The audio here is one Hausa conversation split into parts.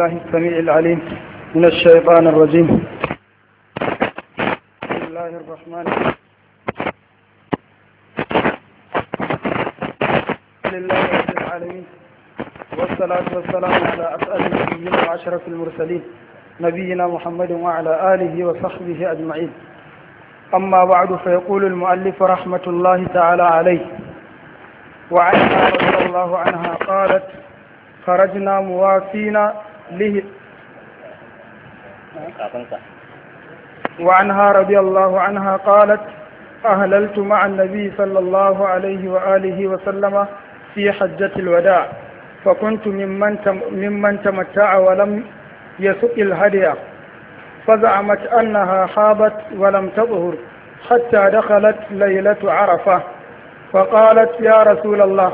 الله السميع العليم من الشيطان الرجيم بسم الله الرحمن الرحيم لله رب العالمين والصلاة والسلام على أسأل المسلمين وعشرة المرسلين نبينا محمد وعلى آله وصحبه أجمعين أما بعد فيقول المؤلف رحمة الله تعالى عليه وعنها رضي الله عنها قالت خرجنا موافينا lihi وعنها رضي الله عنها قالت أهللت مع النبي صلى الله عليه وآله وسلم في حجة الوداع فكنت ممن ممن تمتع ولم يسق الهدي فزعمت أنها خابت ولم تظهر حتى دخلت ليلة عرفة فقالت يا رسول الله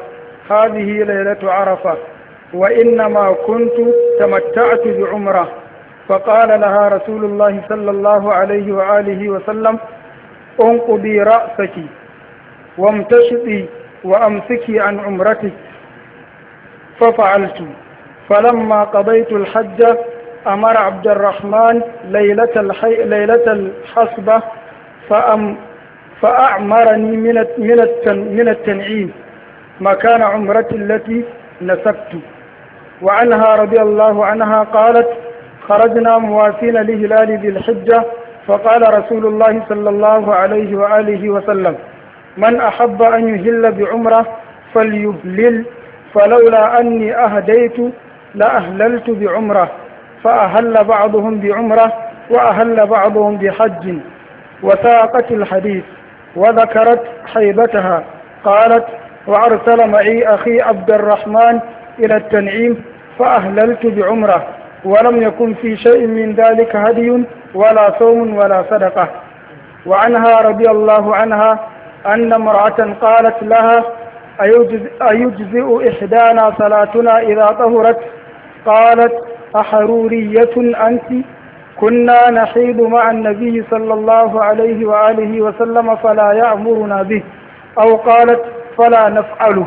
هذه ليلة عرفة وإنما كنت تمتعت بعمرة فقال لها رسول الله صلى الله عليه وآله وسلم انقضي رأسك وامتشطي وأمسكي عن عمرتك ففعلت فلما قضيت الحج أمر عبد الرحمن ليلة, الحي... ليلة الحصبة فأم... فأعمرني من, الت... من, من التنعيم مكان عمرتي التي نسبت وعنها رضي الله عنها قالت خرجنا مواسين لهلال ذي الحجة فقال رسول الله صلى الله عليه وآله وسلم من أحب أن يهل بعمرة فليهلل فلولا أني أهديت لأهللت بعمرة فأهل بعضهم بعمرة وأهل بعضهم بحج وساقت الحديث وذكرت حيبتها قالت وأرسل معي أخي عبد الرحمن إلى التنعيم فأهللت بعمرة ولم يكن في شيء من ذلك هدي ولا صوم ولا صدقة وعنها رضي الله عنها أن امرأة قالت لها أيجزئ إحدانا صلاتنا إذا طهرت قالت أحرورية أنت كنا نحيد مع النبي صلى الله عليه وآله وسلم فلا يأمرنا به أو قالت فلا نفعله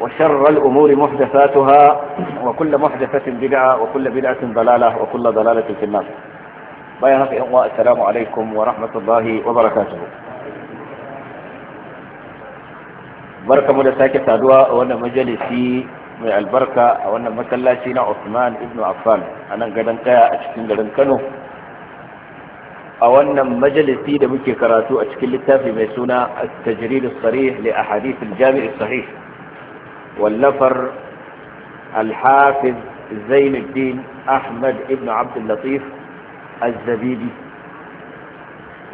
وشر الأمور محدثاتها وكل محدثة بدعة وكل بدعة ضلالة وكل ضلالة في النار بيانك الله السلام عليكم ورحمة الله وبركاته بركة ملساكة تدوى وانا مجلسي من البركة وانا مسلاشينا عثمان ابن عفان أنا قدن قيا أشكين قدن كانوا a wannan majalisi da muke karatu a cikin littafi mai suna at wallafar alhafiz zainuddin ahmad ibn abdullatif azzabidi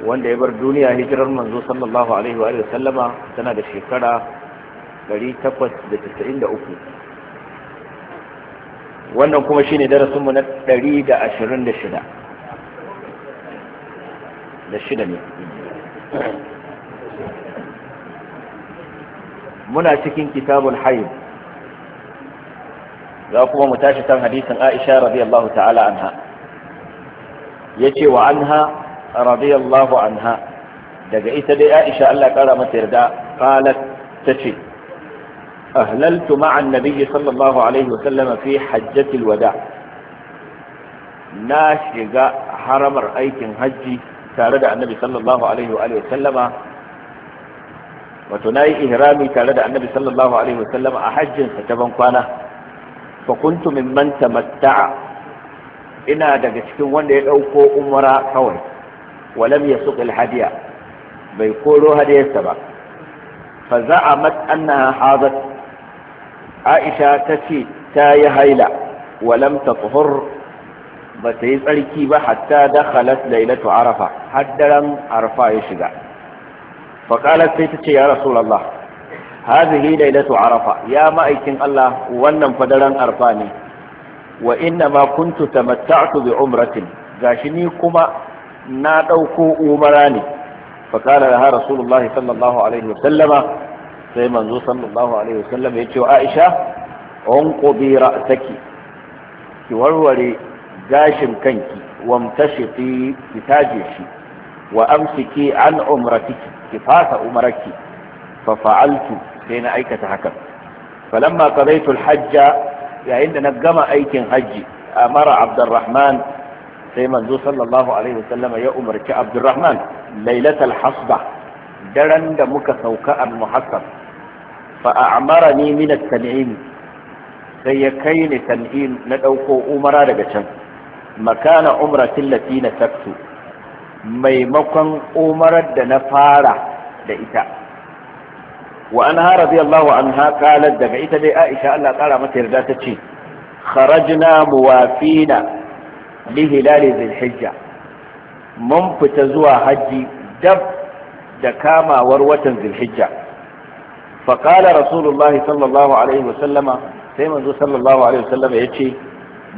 wanda ya bar duniya hijirar manzo sallallahu alaihi wa sallama tana da shekara 893 wannan kuma shine darasinmu na 126 da shida muna cikin kitabul hayyib za kuma mu tashi kan hadisin Aisha radiyallahu ta'ala anha yace wa anha radiyallahu anha daga ita dai Aisha Allah kara mata yarda qalat tace ahlaltu ma'a an-nabiy sallallahu alaihi wa sallam fi hajjatil wada na shiga haramar aikin hajji tare da annabi sallallahu alaihi wa sallama wato yi ihrami tare da annabi sallallahu alaihi wasallam a hajjin sa ta ban kwana fa kuntu mimman tamatta'a ina daga cikin wanda ya dauko umra kawai walam yasuq alhadiya bai koro hadiyarsa ba fa za'amat annaha hadat aisha tace ta yi haila walam tatuhur ba ta yi tsarki ba hatta dakhalat lailatu arafa haddaran arafa ya shiga fakalar sai ta ce ya rasulallah hazihi lailatu arafa ya ma'aikin Allah wannan fadaran arfa ne wa inna ma kuntu tamatta'tu bi umratin gashi ni kuma na ɗauko umara ne fakalar ha rasulullah sallallahu alaihi wasallama sai manzo sallallahu alaihi wasallam ya ce wa Aisha unqubi ra'saki ki warware gashin kanki wamtashiqi ki taje shi wa amsiki an umratiki ki fasa umarki fa fa'altu sai na aikata haka falamma qadaytu al-hajja yayin da na gama aikin hajji amara abdurrahman sai manzo sallallahu alaihi wasallam ya umarci abdurrahman lailatal hasba daren da muka sauka al muhassab fa a'marani min at-tan'im sai ya kai ni tan'im na dauko umara daga can makana umratin lati na taktu maimakon umarar da na fara da ita wa an ha an ha qalat daga ita dai Aisha Allah kara mata yarda ta ce kharajna muwafina li hilal hijja mun fita zuwa haji dab da kamawar watan hijja fa qala rasulullah sallallahu alaihi sallama sai manzo sallallahu alaihi wasallama yace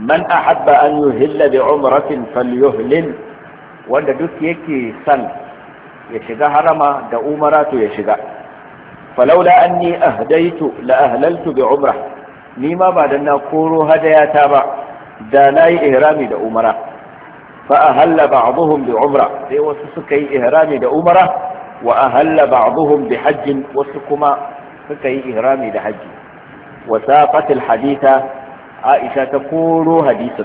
man ahabba an yuhilla bi umratin falyuhlil wanda duk yake san ya shiga harama da umara to ya shiga falaula anni ahdaitu la ahlaltu bi umra ni ma ba dan na koro hadaya ta ba da nayi ihrami da umara fa ahalla ba'dhum bi umra sai wasu suka yi ihrami da umara wa ahalla ba'dhum bi hajj wasu kuma suka yi ihrami da hajji wa saqat al haditha aisha ta koro hadisin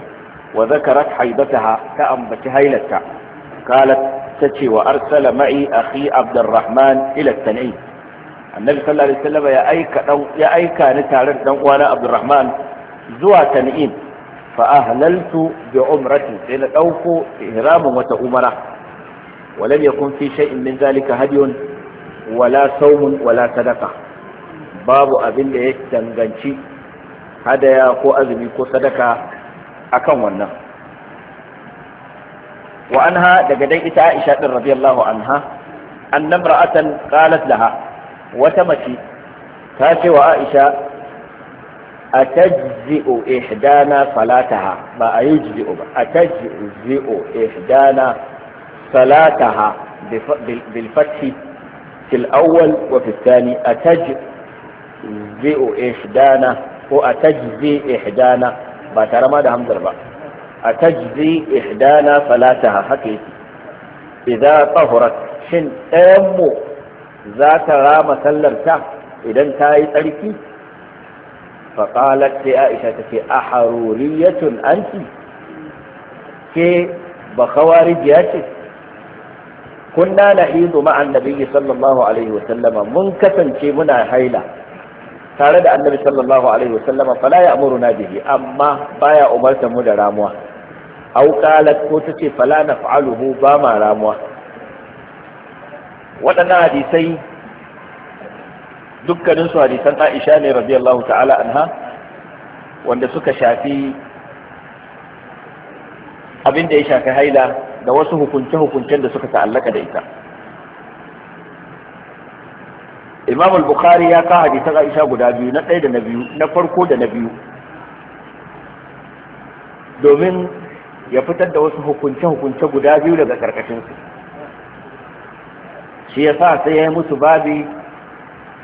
wa zakarat haidataha ta ambaci hailarta قالت تتي وأرسل معي أخي عبد الرحمن إلى التنعيم النبي صلى الله عليه وسلم يا أيك أو يا أيك نتعرف وأنا عبد الرحمن زوى تنعيم فأهللت بعمرتي إلى الأوف إهرام وتأمرة ولم يكن في شيء من ذلك هدي ولا صوم ولا صدقة babu abin da ya danganci hadaya ko azumi ko sadaka akan wannan wa anha daga dai ita Aisha din radiyallahu anha annamra'atan qalat laha wata mace ta ce wa Aisha atajzi'u ihdana salataha ba ayujzi'u ba atajzi'u ihdana salataha bil fathi fil awwal wa fil thani atajzi'u ihdana ko atajzi ihdana ba tare ma da hamzar ba a tajzi ihdana falataha haka yake idza tahurat shin ɗayan mu za ta rama sallar ta idan ta yi tsarki faƙalar sai aisha ta ce a anti ke ba kawarijiya ce kunna na hizo ma'an nabiyyi sallallahu alaihi wasallama mun kasance muna haila tare da annabi sallallahu alaihi wasallama fala ya amuru na bihi amma baya umarta mu da ramuwa aw qalat ko tace falana naf'aluhu ba ma ramuwa waɗannan hadisai dukkaninsu hadisan Aisha ne radiyallahu ta'ala anha wanda suka shafi abin da ya shafi haila da wasu hukunce-hukuncen da suka ta'allaka da ita imam al-bukhari ya ka hadisan aisha guda biyu na ɗaya da na biyu na farko da na biyu domin ya fitar da wasu hukunce-hukunce guda biyu daga karkashinsu shi ya sa sai ya yi musu babi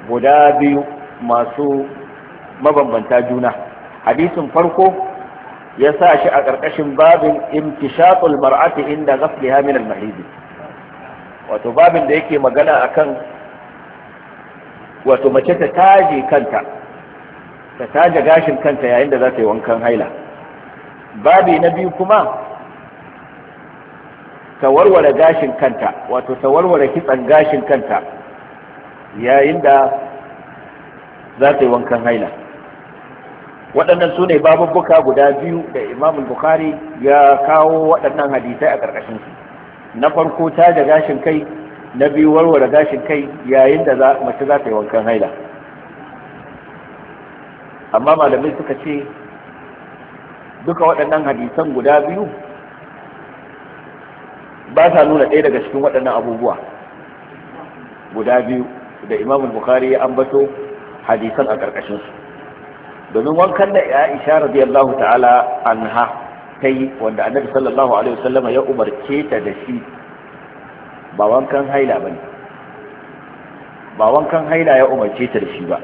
guda biyu masu mabambanta juna hadisin farko ya sa shi a ƙarƙashin babin imtishaqul mar'ati inda ghasliha min al-mahid wato babin da yake magana akan wato mace ta taje kanta ta taje gashin kanta yayin da za ta yi wankan haila babi na biyu kuma ta warware gashin kanta wato ta warware kitsan gashin kanta yayin da za ta yi wankan haila waɗannan su ne babubbuka guda biyu da imam bukhari ya kawo waɗannan hadisai a ƙarƙashinsu na farko ta da gashin kai na biyu warware gashin kai yayin da mace za ta yi wankan haila amma malamai suka ce duka waɗannan hadisan guda biyu ba sa nuna ɗaya daga cikin waɗannan abubuwa guda biyu da imam bukhari ya ambato hadisan a ƙarƙashinsu domin wankan da ya isha radiyallahu ta'ala anha ta yi wanda annabi sallallahu alaihi wasallam ya umarce ta da shi ba wankan haila ba ne ba wankan haila ya umarce ta da shi ba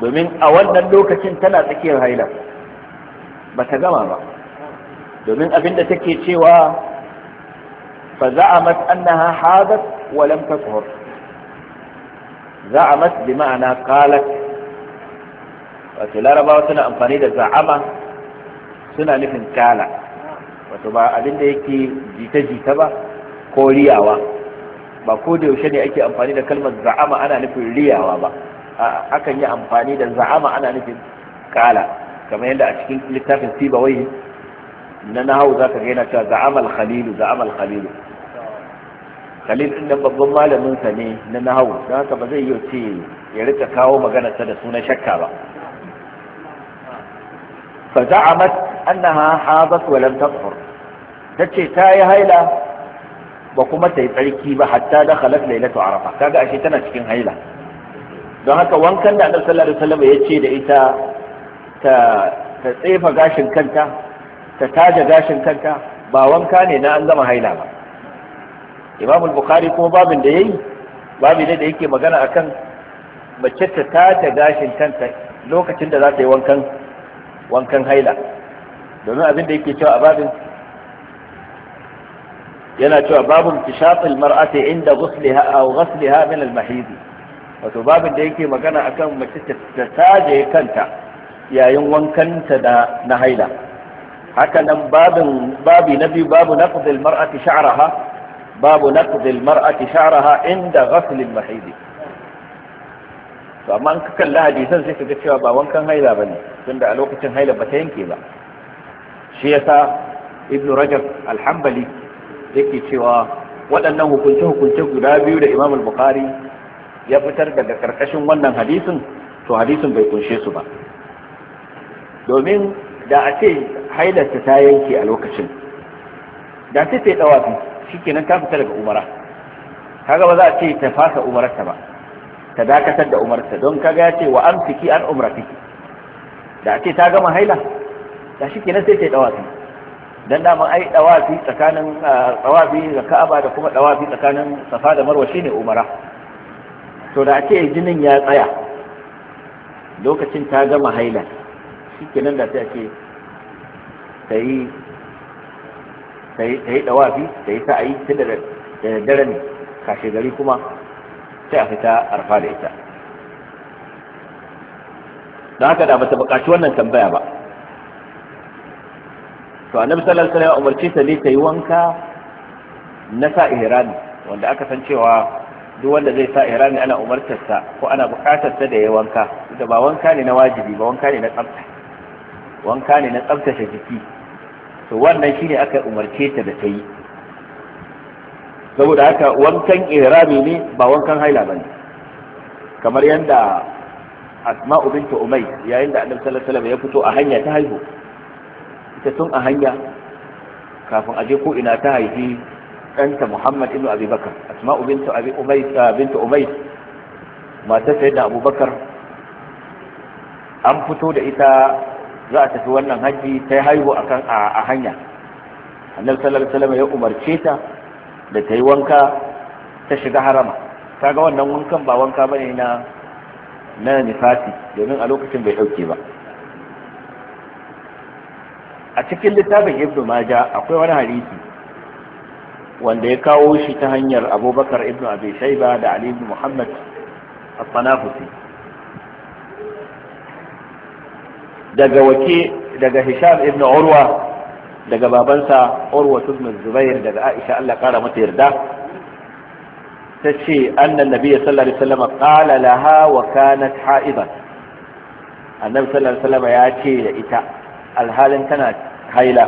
domin a wannan lokacin tana tsakiyar haila ba ta gama ba domin abinda take cewa fa za'amat annaha hadat wa lam tashhur za'amat bi ma'ana qalat wato larabawa suna amfani da za'ama suna nufin kala wato ba abin da yake jita-jita ba ko riyawa ba ko da yaushe ne ake amfani da kalmar za'ama ana nufin riyawa ba akan yi amfani da za'ama ana nufin kala kamar yadda a cikin littafin sibawai na nahawu za ka gaina cewa Amal khalilu ga Amal khalilu khalil din nan babban malamin sa ne na nahawu don haka ba zai yi ce ya rika kawo magana ta da sunan shakka ba fa za'amat annaha habat wa lam taqfur tace ta yi haila ba kuma ta yi tsarki ba hatta da khalat lailatu arafa kaga ashe tana cikin haila don haka wankan da annabi sallallahu alaihi wasallam ya ce da ita ta tsefa gashin kanta ta taja gashin kanta ba wanka ne na an gama haila ba imamul bukari kuma babin da ya babi ne da yake magana akan mace ta taja gashin kanta lokacin da za ta yi wankan wankan haila domin abin da yake cewa a babin yana cewa babun tishatil mar'ati inda ghusliha aw ghusliha min al-mahidi wato babin da yake magana akan mace ta taje kanta yayin wankanta da na haila hakanan nan babin babi na biyu babu naqd al mar'ati sha'raha babu naqd mar'ati sha'raha inda ghasl al mahidi amma an kakan hadisan sai kaga cewa ba wankan haila bane tunda a lokacin haila ba ta yanke ba shi yasa ibnu rajab al-hanbali yake cewa waɗannan hukunce hukunce guda biyu da imam al-bukhari ya fitar daga karkashin wannan hadisin to hadisin bai kunshe su ba domin da a ce hailarta ta yanke a lokacin da sai ta yi dawafi shikenan ta fita daga umara kaga ba za a ce ta fasa umararta ba ta dakatar da umarta don kaga ya ce wa an fiki an umratiki da a ce ta gama haila da shi kenan sai ta yi dawafi don daman ai dawafi tsakanin dawafi da ka'aba da kuma dawafi tsakanin safa da marwa shine umara to da a ce jinin ya tsaya lokacin ta gama haila shi kenan da ta ce ta yi ta yi dawafi ta yi sa'ayi ta da daren kashe gari kuma sai a fita arfa da ita don haka da bata bukaci wannan tambaya ba to annabi sallallahu alaihi wasallam umarci ta ne ta yi wanka na sa ihrami wanda aka san cewa duk wanda zai sa ihrami ana umartarsa ko ana bukatarsa da ya wanka da ba wanka ne na wajibi ba wanka ne na tsafta wanka ne na tsabtace jiki to wannan shine aka umarce ta da ta yi saboda haka wankan irami ne ba wankan haila ba ne kamar yadda asma'u binta umai yayin da annabi sallallahu alaihi ya fito a hanya ta haihu ita tun a hanya kafin a je ko ina ta haifi ɗanta muhammad ibnu abi asma'u binta abi umai ah, binta umai matar sayyidina abubakar an fito da ita za a tafi wannan hajji ta haihu akan a hanya annabi sallallahu alaihi wasallam ya umarce ta da ta yi wanka ta shiga harama kaga wannan wankan ba wanka bane na na nifasi domin a lokacin bai dauke ba a cikin littafin ibnu maja akwai wani hadisi wanda ya kawo shi ta hanyar abubakar ibnu abi shaiba da ali ibn muhammad as-sanafusi daga wake daga hisham ibn urwa daga babansa urwa ibn zubair daga aisha Allah kara mata yarda ta ce annan Nabiya sallallahu alaihi wasallam qala laha wa kanat ha'iba annabi sallallahu alaihi wasallam ya ce da ita alhalin tana haila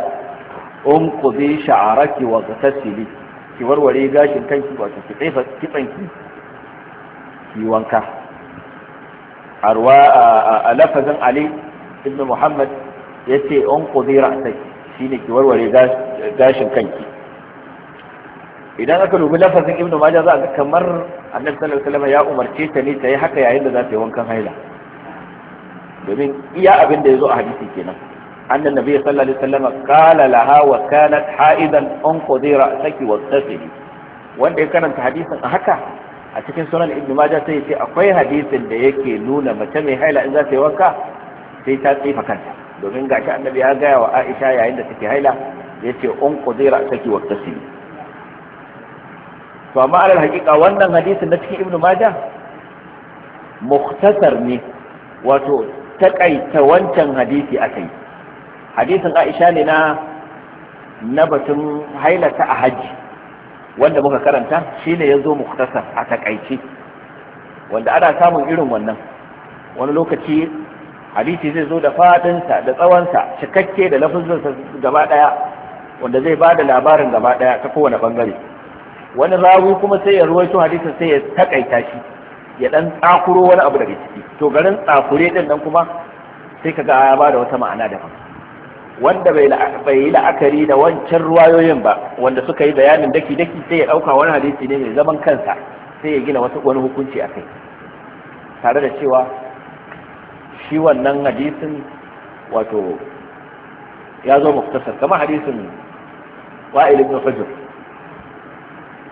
unqudi sha'araki wa tasili ki warware gashin kanki wato ki tsefa kitsanki ki wanka arwa a lafazin ali ibn muhammad ya ce on kudira a shi ne ki warware gashin kanki idan aka dubi lafazin ibn majah za a ga kamar annabi sallallahu alaihi wasallam ya umarce ta ne ta yi haka yayin da za ta yi wankan haila domin iya abin da zo a hadisi kenan annan nabi sallallahu alaihi wasallam kala laha wa kanat haidan an qudira saki wa tasili wanda ya karanta hadisin a haka a cikin sunan ibn majah sai ya ce akwai hadisin da yake nuna mace mai haila in za ta yi wanka sai ta tsifa kanta domin shi annabi ya gaya wa aisha yayin da take haila ya ce un kudira take wa tasiri to amma alal hakika wannan hadisin na cikin ibnu majah mukhtasar ne wato takaita wancan hadisi akai hadisin aisha ne na na batun hailata a hajji wanda muka karanta shine ya zo mukhtasar a takaice wanda ana samun irin wannan wani lokaci hadisi zai zo da sa da tsawonsa cikakke da lafazinsa gaba daya wanda zai ba da labarin gaba daya ta kowane bangare wani rawi kuma sai ya ruwaito hadisin sai ya takaita shi ya dan tsakuro wani abu daga ciki to garin tsakure din nan kuma sai kaga ya ba da wata ma'ana daban wanda bai yi la'akari da wancan ruwayoyin ba wanda suka yi bayanin daki daki sai ya dauka wani hadisi ne mai zaman kansa sai ya gina wata wani hukunci a kai tare da cewa shi wannan hadisin wato ya zo muktasar kamar hadisin wa'il ibn fajr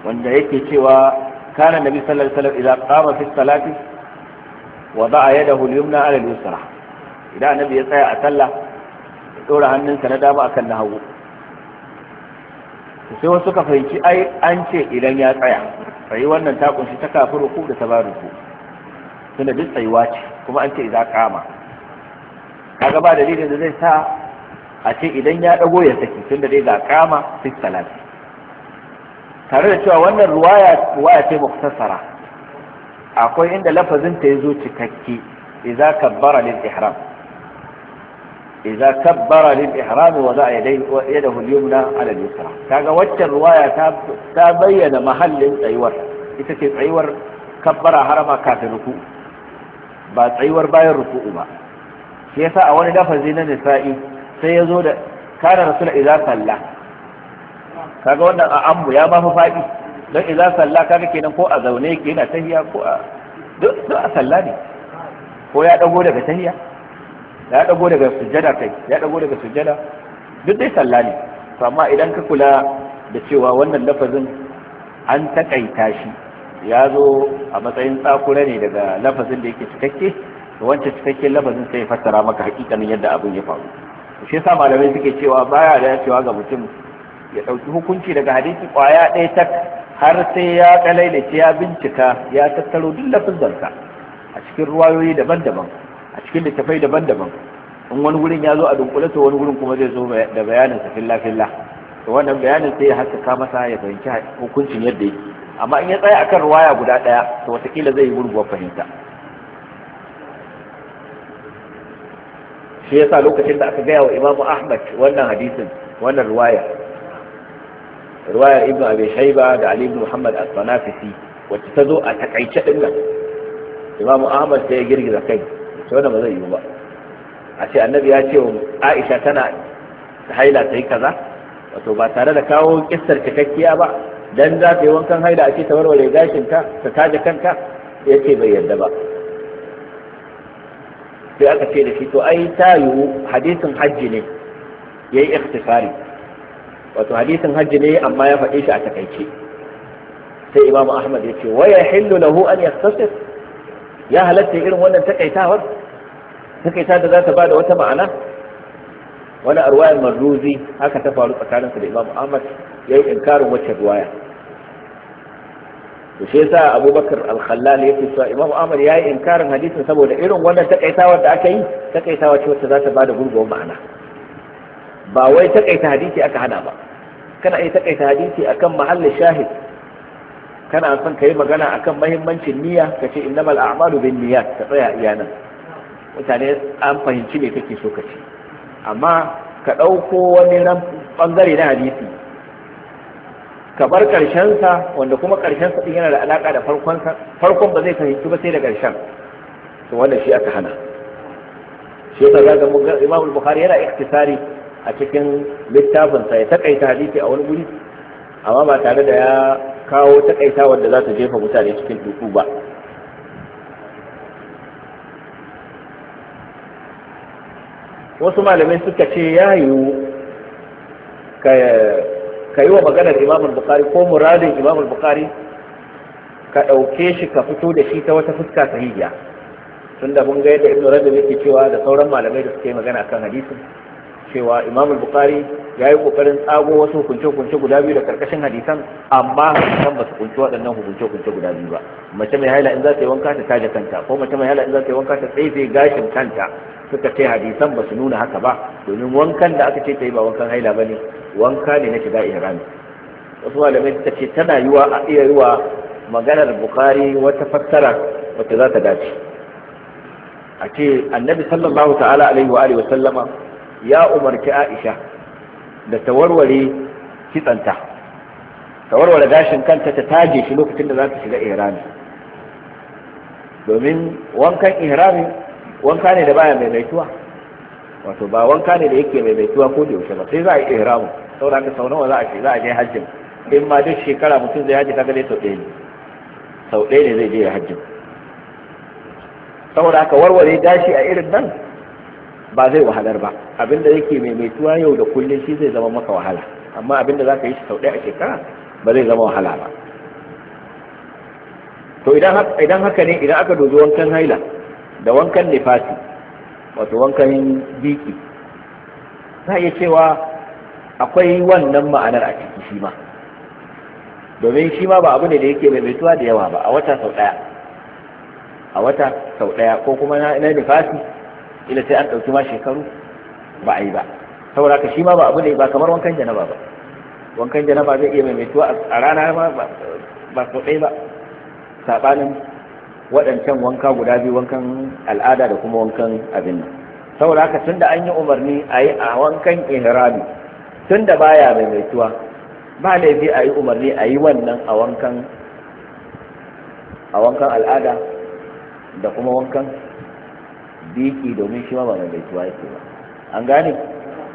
wanda yake cewa kana nabi sallallahu alaihi wasallam idan qama fi salati wada'a yadahu al-yumna ala al-yusra idan Nabi ya tsaya a sallah ya dora hannunsa na dama akan na hagu sai wasu suka fahimci ai an ce idan ya tsaya sai wannan ta kunshi ta kafin ruku da ta ba ruku tunda duk tsayuwa ce kuma an ce idza qama kaga ba dalilin da zai sa a ce idan ya dago ya saki tunda dai ga qama fi salati tare da cewa wannan ruwaya ruwaya ce muktasara akwai inda lafazin ta yazo cikakke idza kabbara lil ihram idza kabbara lil ihram wa da'a yadayhi wa yadahu al yumna ala al yusra kaga waccan ruwaya ta ta bayyana mahallin tsayuwar ita ce tsayuwar kabbara harama kafin ruku' ba tsayuwar bayan ruku'u ba shi yasa a wani lafazi na nisa'i sai ya zo da kana rasul idza salla kaga wannan a ambu ya ba fa faɗi, don idza salla kaga kenan ko a zaune yake yana tahiya ko a duk a salla ne ko ya dago daga tahiya ya dago daga sujjada kai ya dago daga sujjada duk dai salla ne amma idan ka kula da cewa wannan lafazin an takaita shi ya zo a matsayin tsakura ne daga lafazin da yake cikakke wancan cikakken lafazin sai ya fassara maka hakikanin yadda abin ya faru shi yasa malamai suke cewa baya da cewa ga mutum ya dauki hukunci daga hadisi kwaya ɗaya tak har sai ya kalailace ya bincika ya tattaro duk zanka. a cikin ruwayoyi daban-daban a cikin littafai daban-daban in wani wurin ya zo a dunkule to wani wurin kuma zai zo da bayanin sa filla filla to wannan bayanin sai ya haskaka masa ya fahimci hukuncin yadda yake amma in ya tsaya akan ruwaya guda ɗaya to watakila zai yi gurguwar fahimta shi yasa lokacin da aka gaya wa imamu ahmad wannan hadisin wannan ruwaya ruwayar Ibn abi shaiba da ali ibn muhammad as-sanafisi wacce ta zo a takaice din nan imamu ahmad sai ya girgiza kai to wannan ba zai yiwu ba a ce annabi ya ce wa aisha tana haila ta yi kaza wato ba tare da kawo kissar cikakkiya ba dan za ka yi wankan haila a ce ta warware gashin ka ta taje kanka ya ce bai yarda ba sai aka ce da shi to ai ta yiwu hadisin hajji ne ya yi ikhtifari wato hadisin hajji ne amma ya faɗe shi a takaice sai imamu ahmad ya ce wa ya hillu lahu an yaktasir ya halatta irin wannan takaitawar takaita da za ta bada wata ma'ana wani arwayar marruzi haka ta faru tsakaninsu da imamu ahmad ya yi inkarin wacce ruwaya to shi yasa abubakar al ya fi cewa imam ahmad ya yi inkarin hadisin saboda irin wannan takaitawar da aka yi takaitawa ce wacce za ta bada gurguwar ma'ana ba wai takaita hadisi aka hana ba kana iya takaita hadisi akan mahallin shahid kana son ka yi magana akan mahimmancin niyya ka ce innamal a'malu bin niyyat ka tsaya iya nan mutane an fahimci me kake so ka ce amma ka ɗauko wani ran bangare na hadisi ka bar sa wanda kuma karshensa din yana da alaka da farkon farkon ba zai fahimci ba sai da karshen to wannan shi aka hana shi yasa zaga Imam al-Bukhari yana iktisari a cikin littafin sa ya takaita hadisi a wani guri amma ba tare da ya kawo takaita wanda za ta jefa mutane cikin duku ba wasu malamai suka ce ya yiwu ka ka yi wa maganar imam bukhari ko muradin imam bukhari ka ɗauke shi ka fito da shi ta wata fuska sahihiya tunda mun ga yadda ibnu rajab yake cewa da sauran malamai da suke magana kan hadisin cewa imam bukhari ya yi kokarin tsago wasu hukunce-hukunce guda biyu da karkashin hadisan amma hadisan ba su kunci waɗannan hukunce-hukunce guda biyu ba mace mai haila in za ta yi wanka ta taje kanta ko mace mai haila in za ta yi wanka ta tsefe gashin kanta suka ce hadisan ba su nuna haka ba domin wankan da aka ce ta yi ba wankan haila ba ne wanka ne na shiga ihrami wasu malamai ta ce tana yiwa a iya yiwa maganar bukhari wata fassara wacce za ta dace a ce annabi sallallahu ta'ala alaihi wa alihi sallama ya umarci aisha da ta warware kitsanta ta warware gashin kanta ta taje shi lokacin da za ta shiga ihrami domin wankan ihrami wanka ne da baya mai maimaituwa wato ba wanka ne da yake mai maimaituwa ko da yaushe ba sai za a yi ihramu saboda haka sau nawa za a za a je hajjin in ma duk shekara mutum zai hajji kaga dai sau ɗaya ne sau ɗaya ne zai je hajjin saboda haka warware gashi a irin nan ba zai wahalar ba abinda yake mai mai tuwa yau da kullum shi zai zama maka wahala amma abinda za ka yi shi sau ɗaya a shekara ba zai zama wahala ba to idan haka ne idan aka dozi wankan haila da wankan nifasi wato wankan biki za iya cewa akwai wannan ma'anar a ciki shi ma domin shi ma ba abu ne da yake maimaituwa da yawa ba a wata sau ɗaya a wata sau ɗaya ko kuma na nifasi ila sai an ɗauki ma shekaru ba a yi ba saboda ka shi ma ba abu ne ba kamar wankan janaba ba wankan janaba zai iya maimaituwa a rana ba sau ɗaya ba saɓanin waɗancan wanka guda biyu wankan al'ada da kuma wankan abin nan saboda haka tun da an yi umarni a yi a wankan ihrami tun da baya maituwa ba laifi a yi umarni a yi wannan a wankan al'ada da kuma wankan biki domin shi ma ba ya yake ba an gane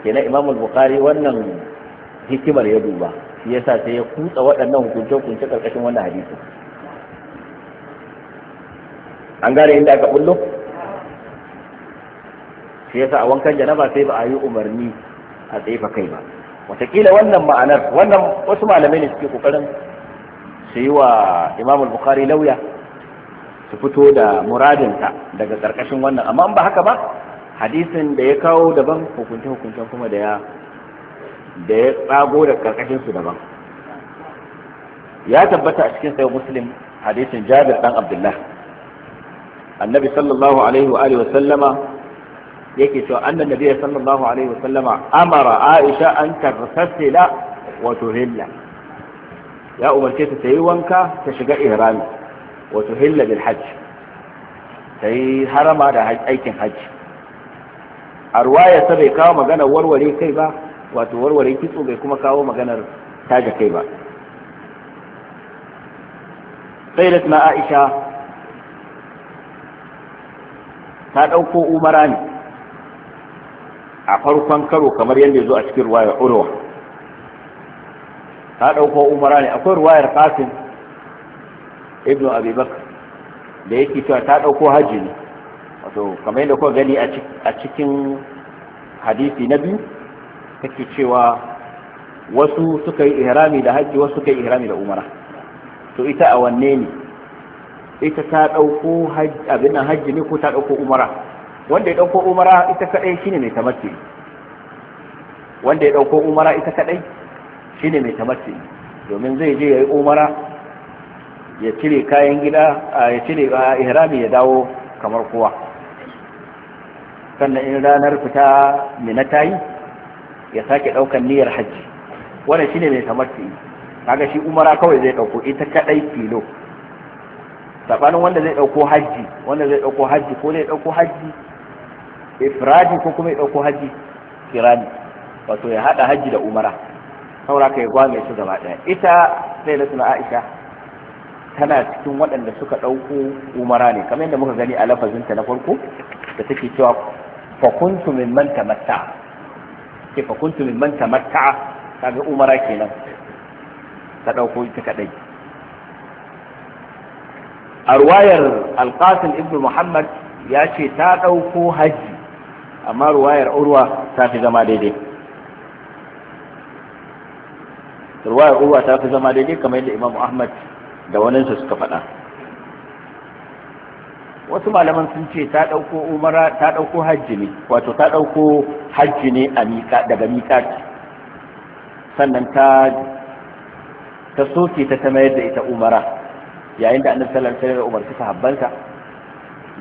kenan imam al wannan hikimar ya duba shi yasa sai ya kutsa waɗannan hukunce-hukunce ƙarƙashin wannan hadisi an gane inda aka bullo shi yasa a wankan janaba sai ba a yi umarni a tsaye kai ba watakila wannan ma'anar wannan wasu malamai ne suke kokarin su yi wa imam al-bukhari lauya su fito da muradinta daga ƙarƙashin wannan amma ba haka ba hadisin da ya kawo daban hukunce hukuncen kuma da ya da ya tsago da karkashin su daban ya tabbata a cikin sayan muslim hadisin jabir dan abdullah annabi sallallahu alaihi wa alihi wa sallama yake cewa annan da nabiyyi sallallahu alaihi wasallama amara aisha an tarfasila wato tuhilla ya umarce ta tayi wanka ta shiga ihrami wato tuhilla bil hajj tayi harama da aikin Hajj. a ruwaya ta bai kawo magana warware kai ba wato warware kitso bai kuma kawo maganar taja kai ba sai na aisha ta ɗauko umara ne a farkon karo kamar yadda zo a cikin ruwayar urwa ta ɗauko umara ne akwai ruwayar kafin. ibn Abibak da yake cewa ta ɗauko haji ne wato kamar yadda kuka gani a cikin hadisi na biyu take cewa wasu suka yi ihrami da haji wasu suka yi ihrami da umara to ita a wanne ne ita ta ɗauko abin nan hajji ne ko ta ɗauko umara wanda ya dauko umara ita kadai shine mai tamattu wanda ya dauko umara ita kadai shine mai tamattu domin zai je yayi umara ya cire kayan gida ya cire ihrami ya dawo kamar kowa sannan in ranar fita mina tayi ya sake daukan niyyar hajji wannan shine mai tamattu kaga shi umara kawai zai dauko ita kadai filo, sabanin wanda zai dauko hajji wanda zai dauko hajji ko zai dauko hajji ifradi ko kuma ya ɗauko haji kirani wato ya hada haji da umara saura kai ya gwame su gaba daya ita sai na suna aisha tana cikin waɗanda suka dauko umara ne kamar yadda muka gani a lafazinta na farko da take cewa fa fakuntu min man tamatta ke fa fakuntu min man tamatta kaga umara kenan ta dauko ita kadai a ruwayar alƙasin ibn muhammad ya ce ta ɗauko haji amma ruwayar urwa ta fi zama daidai ruwayar urwa ta fi zama daidai kamar yadda imamu ahmad da waninsa suka faɗa wasu malaman sun ce ta ɗauko umara ta ɗauko hajji ne wato ta ɗauko hajji ne a miƙa daga miƙa sannan ta ta soke ta ta mayar da ita umara yayin da annabi sallallahu alaihi wasallam umarci sahabbansa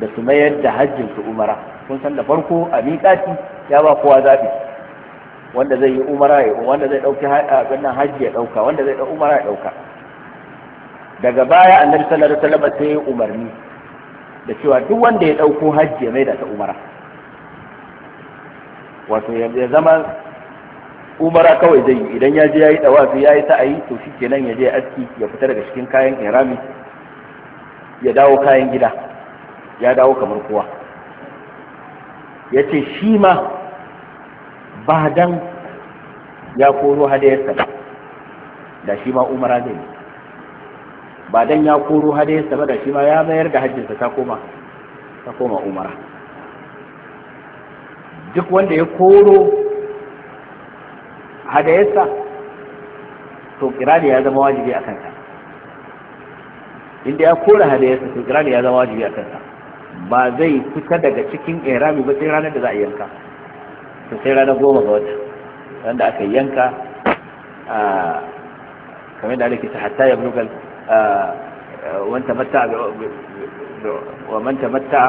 da su mayar da hajjin su umara kun san da farko a miƙati ya ba kowa zaɓi wanda zai yi umara ya wanda zai ɗauki wannan hajji ya ɗauka wanda zai ɗauki umara ya ɗauka daga baya annabi sallallahu alaihi wasallam sai ya umarni da cewa duk wanda ya ɗauko hajji ya maida ta umara wato ya zama umara kawai zai yi idan ya je ya yi ɗawafi ya yi sa'ayi to shi kenan ya je aski ya fita daga cikin kayan irami ya dawo kayan gida ya dawo kamar kowa ya ce shi ma ba dan ya koro hadayarsa da shi ma umara zai ba dan ya koro hadayarsa ba da shi ma ya mayar da hajjinsa ta koma ta koma umara duk wanda ya koro hadayarsa to kirani ya zama wajibi a kansa inda ya kora hadayarsa to kirani ya zama wajibi a kansa ba zai fita daga cikin irami ba sai ranar da za a yanka to sai ranar goma ga wata wanda aka yanka a kamar da alake ta hatta ya blugal wa man tamatta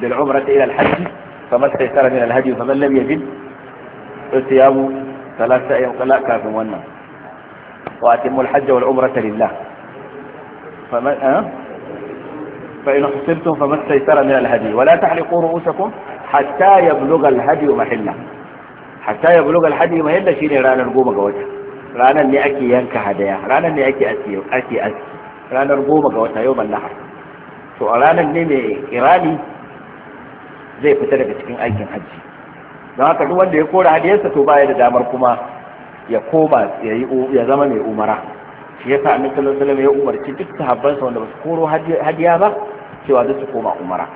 bil umrati ila al hajj faman taysara min al hajj man lam yajid siyamu thalatha ayyam qala kafin wannan wa atimul hajj wal umrata lillah fa man فإن حصرتم فما استيسر من الهدي ولا تحلقوا رؤوسكم حتى يبلغ الهدي محله حتى يبلغ الهدي محله شيء رانا نقوم قوتها رانا اللي أكي ينكى هدايا رانا اللي أكي أسي أكي أسي رانا نقوم قوتها يوم النحر سو رانا اللي إيراني zai fita daga cikin aikin hajji don haka duk wanda ya kora hadiyarsa to baya da damar kuma ya koma ya zama mai umara shi yasa annabi sallallahu alaihi ya umarci duk sa wanda ba su koro hadiya ba cewa duk su koma umara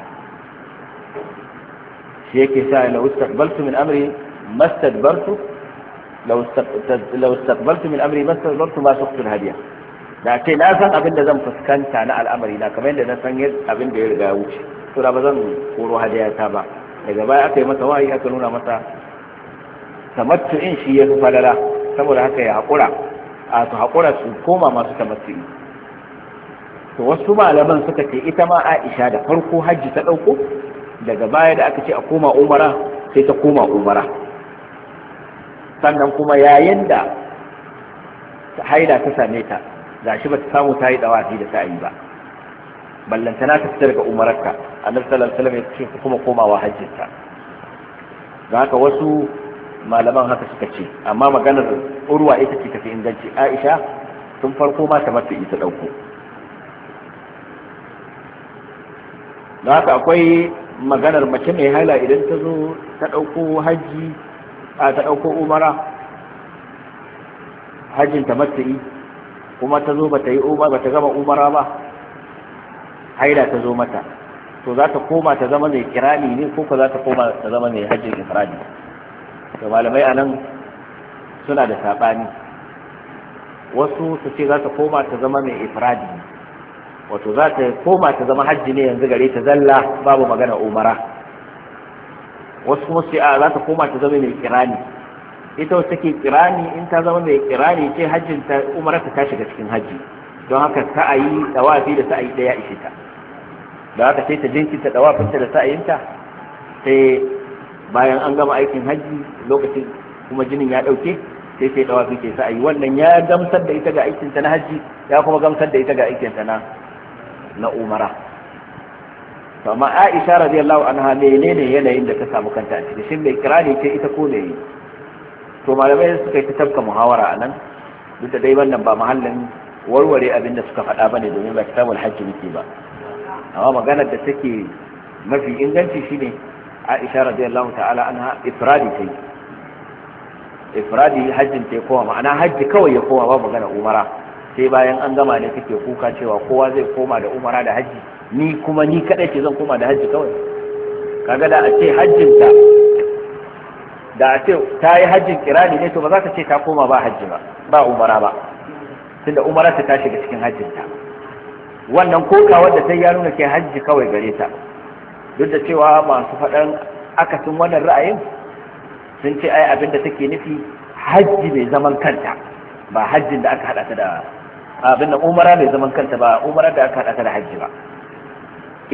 shi yake sa ya la ustaqbaltu min amri mastadbartu law istaqbaltu min amri mastadbartu ma suqtu hadiya da ce na san abin da zan fuskanta na al'amari na kamar yadda na san abin da ya riga ya wuce to da ba zan koro hadiya ta ba daga baya aka yi masa wahayi aka nuna masa tamattu'in shi ya fi falala saboda haka ya haƙura a su haƙura su koma masu tamassiri to wasu malaman suka ce ita ma aisha da farko hajji ta ɗauko daga baya da aka ce a koma umara sai ta koma umara sannan kuma yayin da haida ta same ta ga shi ba ta samu ta yi dawafi da ta yi ba ballantana ta fita daga umararka annabi sallallahu alaihi wasallam ya ce kuma komawa hajjinta ga haka wasu malaman haka suka ce amma maganar urwa ita ce tafi inganci aisha tun farko ma ta mata ita ɗauko da haka akwai maganar mace mai hala idan ta zo ta ɗauko haji a ta ɗauko umara hajjin ta matsayi kuma ta zo ba ta yi umara ba ta gama umara ba haida ta zo mata to za ta koma ta zama mai kirani ne ko ka za ta koma ta zama mai hajjin ifrani to malamai anan suna da saɓani wasu su ce za ta koma ta zama mai ifradi wato za ta koma ta zama hajji ne yanzu gare ta zalla babu magana umara wasu kuma su a za ta koma ta zama mai kirani ita wata take kirani in ta zama mai kirani ce hajjin ta umara ta tashi ga cikin hajji don haka ta yi dawafi da sa'ayi daya ishe ta da haka sai ta jinkinta dawafinta da sa'ayinta sai bayan an gama aikin hajji lokacin kuma jinin ya dauke sai sai dawa ke sa ayi wannan ya gamsar da ita ga aikin ta na hajji ya kuma gamsar da ita ga aikin ta na umara to amma Aisha radiyallahu anha menene yanayin da ta samu kanta a cikin shin mai kirani ce ita ko ne to malamai suka yi ta tabka muhawara anan duk da dai wannan ba mahallin warware abin da suka faɗa bane domin ba kitabul hajji muke ba amma maganar da take mafi inganci shine aisha radiyallahu ta'ala anha ifradi ta yi ifradi hajjin ta kowa ma'ana hajji kawai ya kowa ba magana umara sai bayan an gama ne take kuka cewa kowa zai koma da umara da hajji ni kuma ni kadai ce zan koma da hajji kawai kaga da a ce hajjin ta da a ce ta yi hajjin kirani ne to ba za ka ce ta koma ba hajji ba ba umara ba tunda umara ta shiga cikin hajjin ta wannan koka wadda ta ya nuna ke hajji kawai gare ta duk da cewa masu faɗan akasin wannan ra'ayin sun ce ai abinda take nufi hajji mai zaman kanta ba hajjin da aka haɗa ta da abin da umara mai zaman kanta ba umara da aka haɗa ta da hajji ba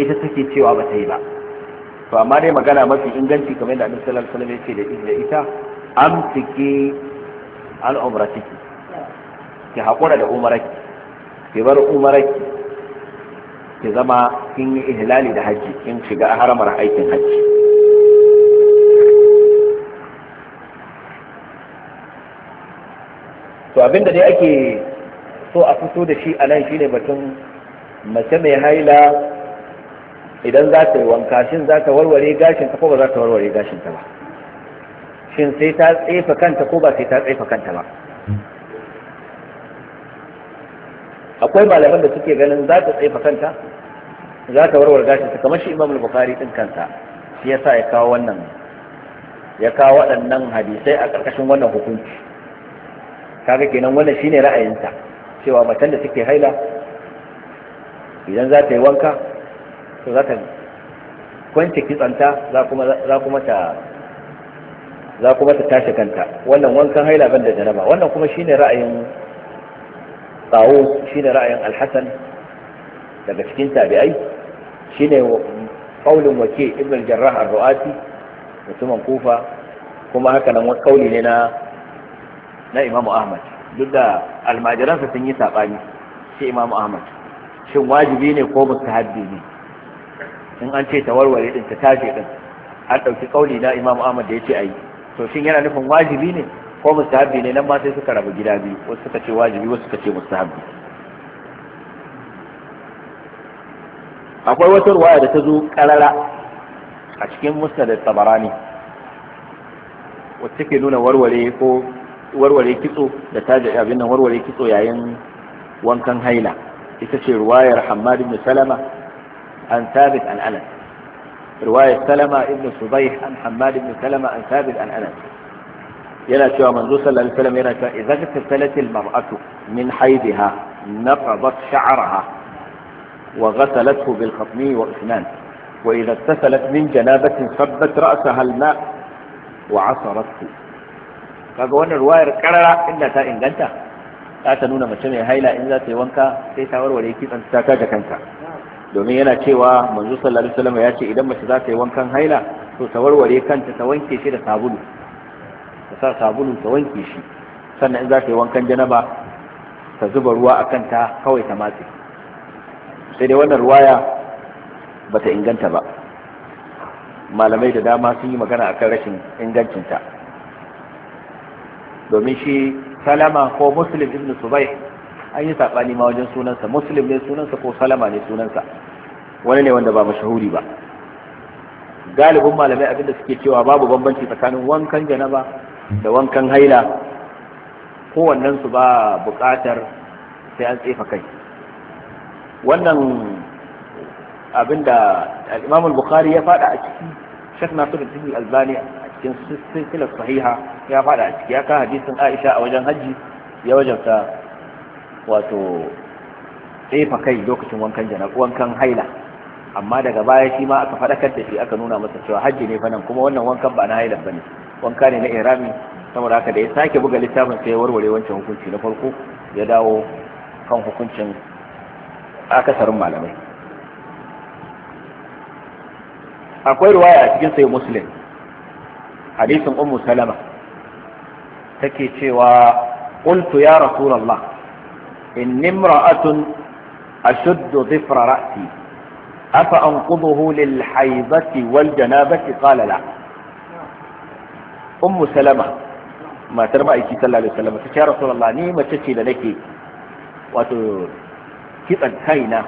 ita take cewa ba ta yi ba to amma dai magana mafi inganci kamar yadda annabi sallallahu alaihi wasallam ya ce da ita amsiki al'umratiki ki haƙura da umaraki ki bar umaraki ki zama kin yi ihlali da haji kin shiga haramar aikin haji to abinda dai ake so a fito da shi a nan shine batun mace mai haila idan za ta yi wanka shin za ta warware gashin ta ko ba za ta warware gashin ta ba shin sai ta tsefa kanta ko ba sai ta tsefa kanta ba akwai malaman da suke ganin za ta tsaifa kanta za ta warware gashi ta kamar shi imam al-bukhari din kansa shi yasa ya kawo wannan ya kawo waɗannan hadisai a ƙarƙashin wannan hukunci kaga kenan wannan shine ra'ayinta, cewa matan da take haila idan za ta yi wanka to za ta kwance kitsanta za kuma za kuma ta za kuma ta tashi kanta wannan wankan haila ban da janaba wannan kuma shine ra'ayin tsawo shi ne ra'ayin alhassan daga cikin tabi'ai shi ne ƙaunin wake ibn jarrah ar-ru'ati mutumin kufa kuma haka nan wani ƙauli ne na na imamu ahmad duk da almajiransa sun yi saɓani shi imamu ahmad shin wajibi ne ko mustahabbi ne in an ce ta warware din ta tashi din an ɗauki ƙauli na imamu ahmad da ya ce a yi to shin yana nufin wajibi ne ko mustahabi ne nan ma sai suka rabu gida biyu wasu suka ce wajibi wasu suka ce mustahabi akwai wata ruwaya da ta zo karara a cikin musnad tabarani wacce ke nuna warware ko warware kitso da taji abin nan warware kitso yayin wankan haila ita ce ruwayar Hammad ibn Salama an Thabit an Anas ruwayar Salama ibn Subayh an Hammad ibn Salama an Thabit an Anas yana cewa manzo sallallahu alaihi wasallam yana cewa idza tasallat mar'atu min haidiha naqadat sha'raha wa ghasalathu bil khatmi wa isnan wa idza tasalat min janabatin sabbat ra'saha al ma' wa 'asarathu kaga wannan ruwayar karara inda ta inganta za ta nuna mace mai haila in za ta yi wanka sai ta warware kitsan ta ta da kanta domin yana cewa manzo sallallahu alaihi wasallam ya ce idan mace za ta yi wankan haila to ta warware kanta ta wanke shi da sabulu sa sabulu ta wanke shi sannan in za ta yi wankan janaba ta zuba ruwa a kanta kawai ta matse sai dai wannan ruwaya ba ta inganta ba malamai da dama sun yi magana a kan rashin ingancinta domin shi salama ko muslim ibn subai an yi saɓani ma wajen sunansa muslim ne sunansa ko salama ne sunansa wani ne wanda ba mashahuri ba galibin malamai abinda suke cewa babu bambanci tsakanin wankan janaba da wankan haila kowannen su ba buƙatar sai an tsefa kai wannan abinda al-Imam bukhari ya fada a ciki Sheikh Nasiruddin Al-Albani a cikin silsilar sahiha ya fada a ciki ya ka hadisin Aisha a wajen haji ya ta wato tsefa kai lokacin wankan janab wankan haila amma daga baya shi ma aka fadakar da shi aka nuna masa cewa hajji ne fa nan kuma wannan wankan ba na haila ba ne. wanka ne na irami saboda haka da ya sake buga littafin sai ya warware wancan hukunci na farko ya dawo kan hukuncin akasarin malamai akwai ruwaya a cikin sai muslim hadisin ummu salama take cewa qultu ya rasulullah inni imra'atun ashuddu dhifra ra'si afa anquduhu lil haidati wal janabati ummu salama matar ma'aiki sallallahu alaihi wasallam ta ce rasulullah ni mace ce da nake wato kitsan kaina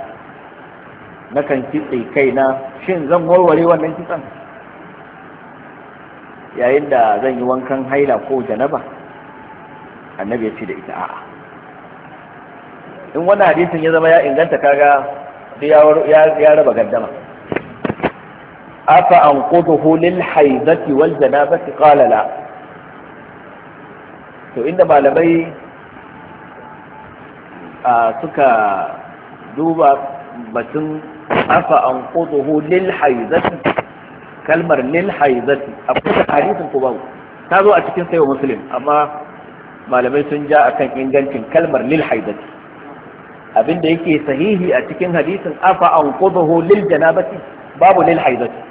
na kan kitse kaina shin zan warware wannan kitsan yayin da zan yi wankan haila ko janaba annabi ya ce da ita a'a in wannan hadisin ya zama ya inganta kaga ya raba gaddama afa anquduhu lil haidati wal janabati qala la to inda malamai suka duba batun afa anquduhu lil haidati kalmar lil haidati akwai hadisin ko babu ta zo a cikin sayo muslim amma malamai sun ja akan ingancin kalmar lil haidati abinda yake sahihi a cikin hadisin afa an qudahu lil janabati babu lil haidati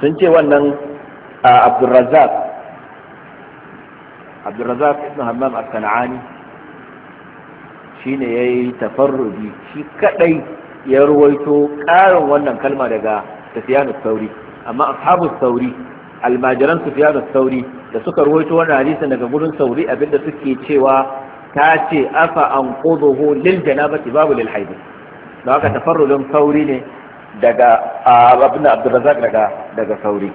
sun ce wannan abdulrazak abdulrazak ibn hammam al-kan'ani ya yi tafarrudi shi kadai ya ruwaito karin wannan kalma daga sufyan sauri amma ashabu sauri almajiran sufyan sauri da suka ruwaito wannan hadisin daga gurin sauri abinda suke cewa ta ce afa an quduhu lil janabati babu lil haid don haka tafarrudin sauri ne daga abin da daga daga sauri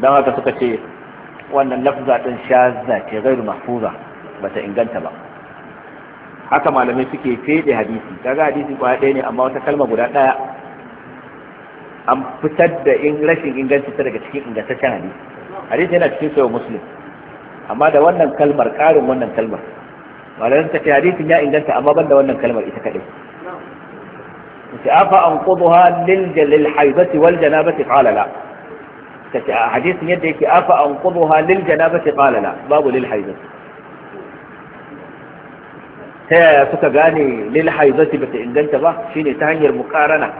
don haka suka ce wannan lafza din shazza ce gairu ba ta inganta ba haka malamai suke fede hadisi daga hadisi kwaya ɗaya ne amma wata kalma guda ɗaya an fitar da in rashin inganci ta daga cikin ingantaccen hadisi hadisi yana cikin sayo muslim amma da wannan kalmar ƙarin wannan kalmar malamai suka ce hadisin ya inganta amma ban da wannan kalmar ita kaɗai ce afa an quduha lil jalil haibati wal janabati qala la kace a hadisin yadda yake afa an quduha lil janabati qala la babu lil haibati ta yaya suka gane lil haibati bata inganta ba shine ta hanyar muqarana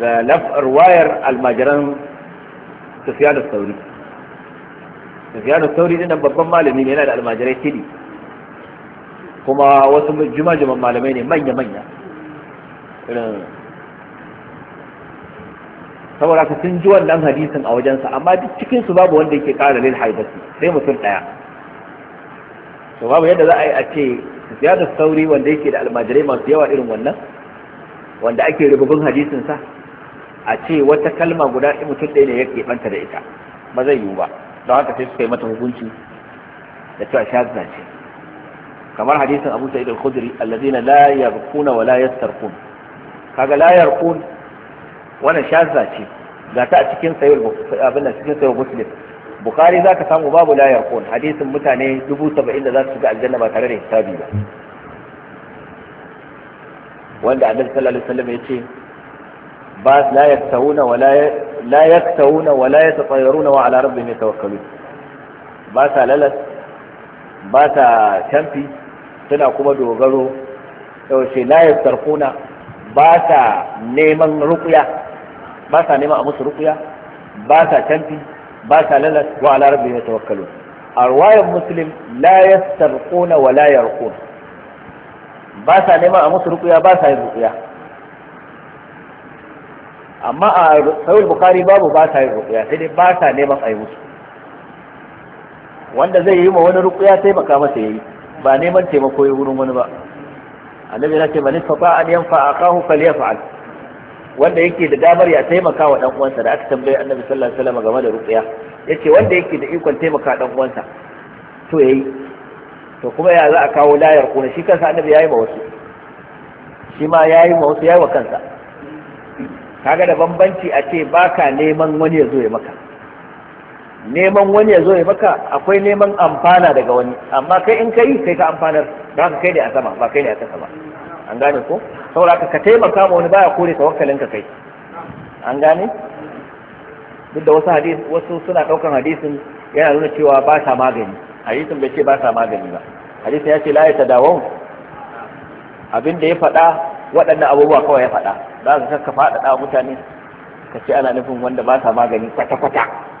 da lafar wayar almajiran sufyan sauri sufyan sauri din babban malami ne yana da almajirai tidi kuma wasu juma-juman malamai ne manya-manya irin saboda ka sun ji wannan hadisin a wajensa amma duk cikin su babu wanda yake kara lil haibati sai mutum daya to babu yadda za a yi a ce sauri wanda yake da almajirai masu yawa irin wannan wanda ake rububin hadisin sa a ce wata kalma guda ɗaya mutum ɗaya ne ya keɓanta da ita ba zai yiwu ba don haka sai suka yi mata hukunci da cewa shazna ce kamar hadisin abu sa'id al-khudri allazina la yabquna wa la yastarquna kaga la yarqun wannan shazza ce ga ta a cikin sayyid abin da cikin sayyid muslim bukhari zaka samu babu la yarqun hadisin mutane 70 da za su shiga aljanna ba tare da hisabi ba wanda annabi sallallahu alaihi wasallam yace ba la yaktawuna wa la yaktawuna wa la yatatayyaruna wa ala rabbihim yatawakkalun ba ta lalas ba ta tamfi suna kuma dogaro yaushe la yastarquna ba sa neman rukuya ba sa neman a musu rukuya ba sa canfi ba sa lalas wa ala rabbi ya tawakkalu a muslim la yastarquna wa la yarqun ba sa neman a musu rukuya ba sa yin rukuya amma a sahih bukhari babu ba sa yin rukuya sai dai ba sa neman a yi musu wanda zai yi ma wani rukuya taimaka masa yayi ba neman taimako ya wurin wani ba annabi ya ce man istata an yanfa aqahu falyaf'al wanda yake da damar ya taimaka wa dan uwansa da aka tambaye annabi sallallahu alaihi wasallam game da ruqya yace wanda yake da ikon taimaka dan uwansa to yayi to kuma ya za a kawo layar kuna shi kansa annabi yayi ma wasu shi ma yayi ma wasu yayi wa kansa kaga da bambanci a ce baka neman wani ya zo ya maka neman wani ya zo ya maka akwai neman amfana daga wani amma kai in kai sai ka amfanar da haka kai ne a sama ba kai ne a kasa ba an gane ko saboda ka taimaka ma wani baya kore tawakkalin ka kai an gane duk da wasu hadis wasu suna daukan hadisin yana nuna cewa ba ta magani hadisin bai ce ba ta magani ba hadisin ya ce la ya tadawun abin da ya faɗa waɗannan abubuwa kawai ya faɗa za ka ka faɗaɗa mutane ka ce ana nufin wanda ba ta magani kwata-kwata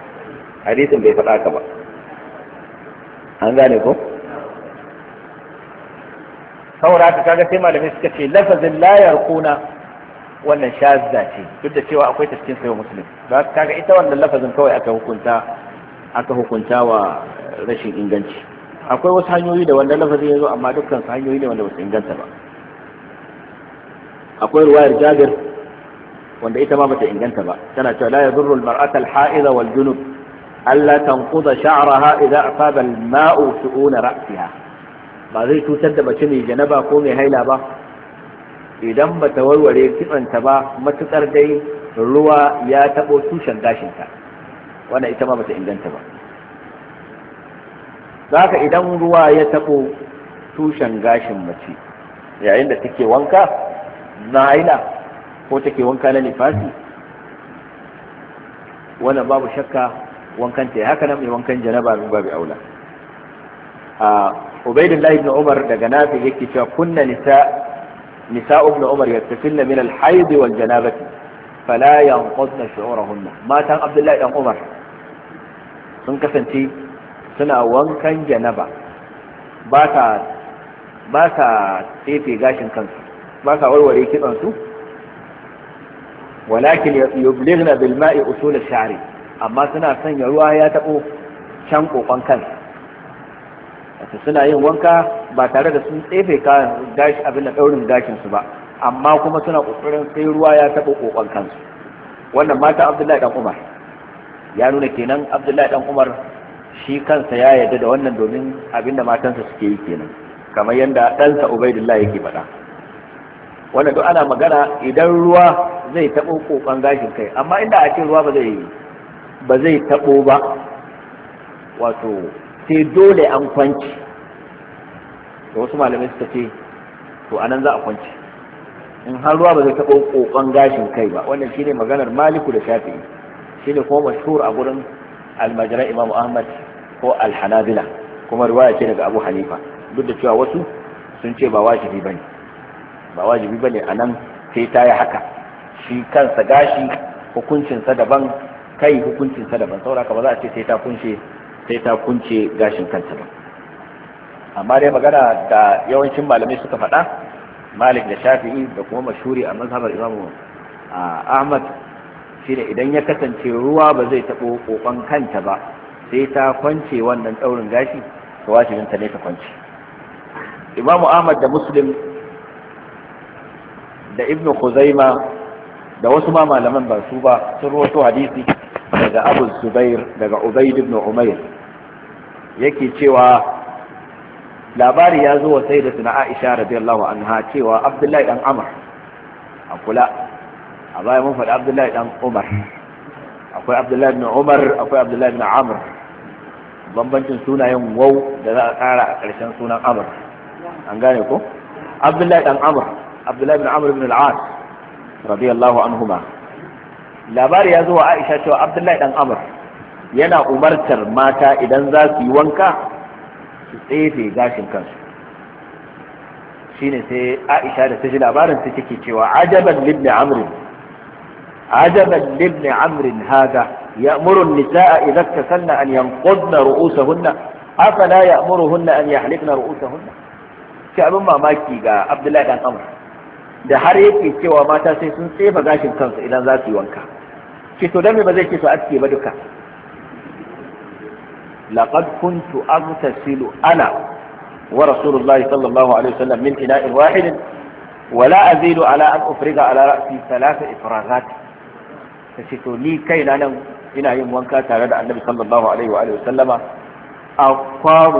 hadisin bai faɗa ka ba an gane ko saboda haka kaga sai malamai suka ce lafazin layar kuna wannan shazza ce duk da cewa akwai ta cikin sayo muslim ba kaga ita wannan lafazin kawai aka hukunta aka hukunta wa rashin inganci akwai wasu hanyoyi da wannan lafazin ya zo amma dukkan su hanyoyi ne wanda ba su inganta ba akwai ruwayar jabir wanda ita ma bata inganta ba tana cewa la yadurru al-mar'ata al-ha'iza wal junub Allah tanquda sha'raha idza asaba al-ma'u shu'una ra'siha ba zai cutar da mace mai janaba ko mai haila ba idan ba ta warware kitsanta ba matukar dai ruwa ya tabo tushen gashinta wannan ita ma bata inganta ba zaka idan ruwa ya tabo tushen gashin mace yayin da take wanka na haila ko take wanka na nifasi wannan babu shakka wankan ta haka nan mai wankan janaba min babu aula a ubaidullahi ibn umar daga nafi yake cewa kunna nisa nisa ibn umar ya na min al-hayd wal janabati fala yanqudna shu'urahunna matan abdullahi dan umar sun kasance suna wankan janaba ba ta ba ta tsefe gashin kansu ba ta warware kitsansu walakin yublighna bil ma'i usul ash-sha'ri amma suna sanya ruwa ya taɓo can ƙoƙon kan su suna yin wanka ba tare da sun tsefe kayan gashi abin da ɗaurin gashinsu ba amma kuma suna ƙoƙarin sai ruwa ya taɓa ƙoƙon kansu wannan mata abdullahi Ɗan umar ya nuna kenan abdullahi Ɗan umar shi kansa ya yarda da wannan domin abin da matansa suke yi kenan kamar yadda ɗansa ubaidullahi yake faɗa wannan duk ana magana idan ruwa zai taɓo ƙoƙon gashin kai amma inda a ce ruwa ba zai yi ba zai taɓo ba wato sai dole an kwanci da wasu malamai suka ce to anan za a kwanci in har ruwa ba zai taɓo ƙoƙon gashin kai ba wannan shi ne maganar maliku da shafi'i Shi ne kuma mashhur a gurin almajira imam ahmad ko alhanabila kuma riwaya ce daga abu hanifa duk da cewa wasu sun ce ba wajibi ba ne, ba wajibi ba a anan sai ta yi haka shi kansa gashi hukuncinsa daban kai hukuncin sa daban saboda ka ba za a ce sai ta kunce sai ta kunce gashin kanta ba amma dai magana da yawancin malamai suka faɗa malik da shafi'i da kuma mashuri a mazhabar imamu ahmad shine idan ya kasance ruwa ba zai taɓo kokon kanta ba sai ta kwance wannan ɗaurin gashi ta wajibin ta ne ta kwance imamu ahmad da muslim da ibnu khuzaima da wasu ma malaman ba su ba sun rawaito hadisi daga Abu Zubair daga Ubayd ibn Umayr yake cewa labari ya zo wa sayyidatuna Aisha radiyallahu anha cewa Abdullahi dan Amr a kula a baya mun faɗi Abdullahi dan Umar akwai Abdullahi ibn Umar akwai Abdullahi ibn Amr bambancin sunayen wau da za a ƙara a ƙarshen sunan Amr an gane ko Abdullahi dan Amr Abdullahi ibn Amr ibn al-As radiyallahu anhuma labari ya zo wa Aisha cewa Abdullahi dan Amr yana umartar mata idan za su yi wanka su tsefe gashin kansu shine sai Aisha da ta ji labarin ta take cewa ajaban libni amrin ajaban libni amrin hada ya'muru an-nisaa idza tasanna an yanqudna ru'usahunna afala ya'muruhunna an yahlifna ru'usahunna shi abin mamaki ga Abdullahi dan Amr da har yake cewa mata sai sun tsefa gashin kansu idan za su yi wanka ce to dan me ba zai ce su aske ba duka laqad kuntu aghtasilu ana wa rasulullahi sallallahu alaihi wasallam min ina'in wahidin ولا أزيد على أن أفرغ على رأسي ثلاث إفراغات فشتو لي كي لنا إنا يوم وانكا تارد النبي صلى الله abin nan وسلم أقار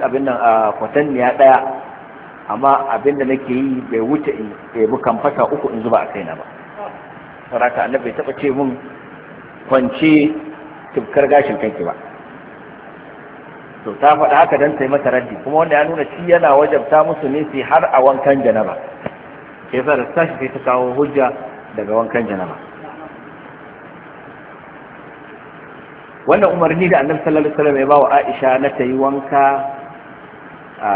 abin nan a kwatanniya يا amma abinda nake yi bai wuce in bi kamfata uku in zuba a kaina ba saraka Allah bai taɓa ce mun kwance tukkar gashin kanki ba to ta faɗa haka don sai mata raddi kuma wanda ya nuna shi yana wajabta musu ne sai har a wankan janaba ke sa da tashi sai ta kawo hujja daga wankan janaba wannan umarni da annabi sallallahu alaihi wasallam ya ba wa Aisha na ta yi wanka a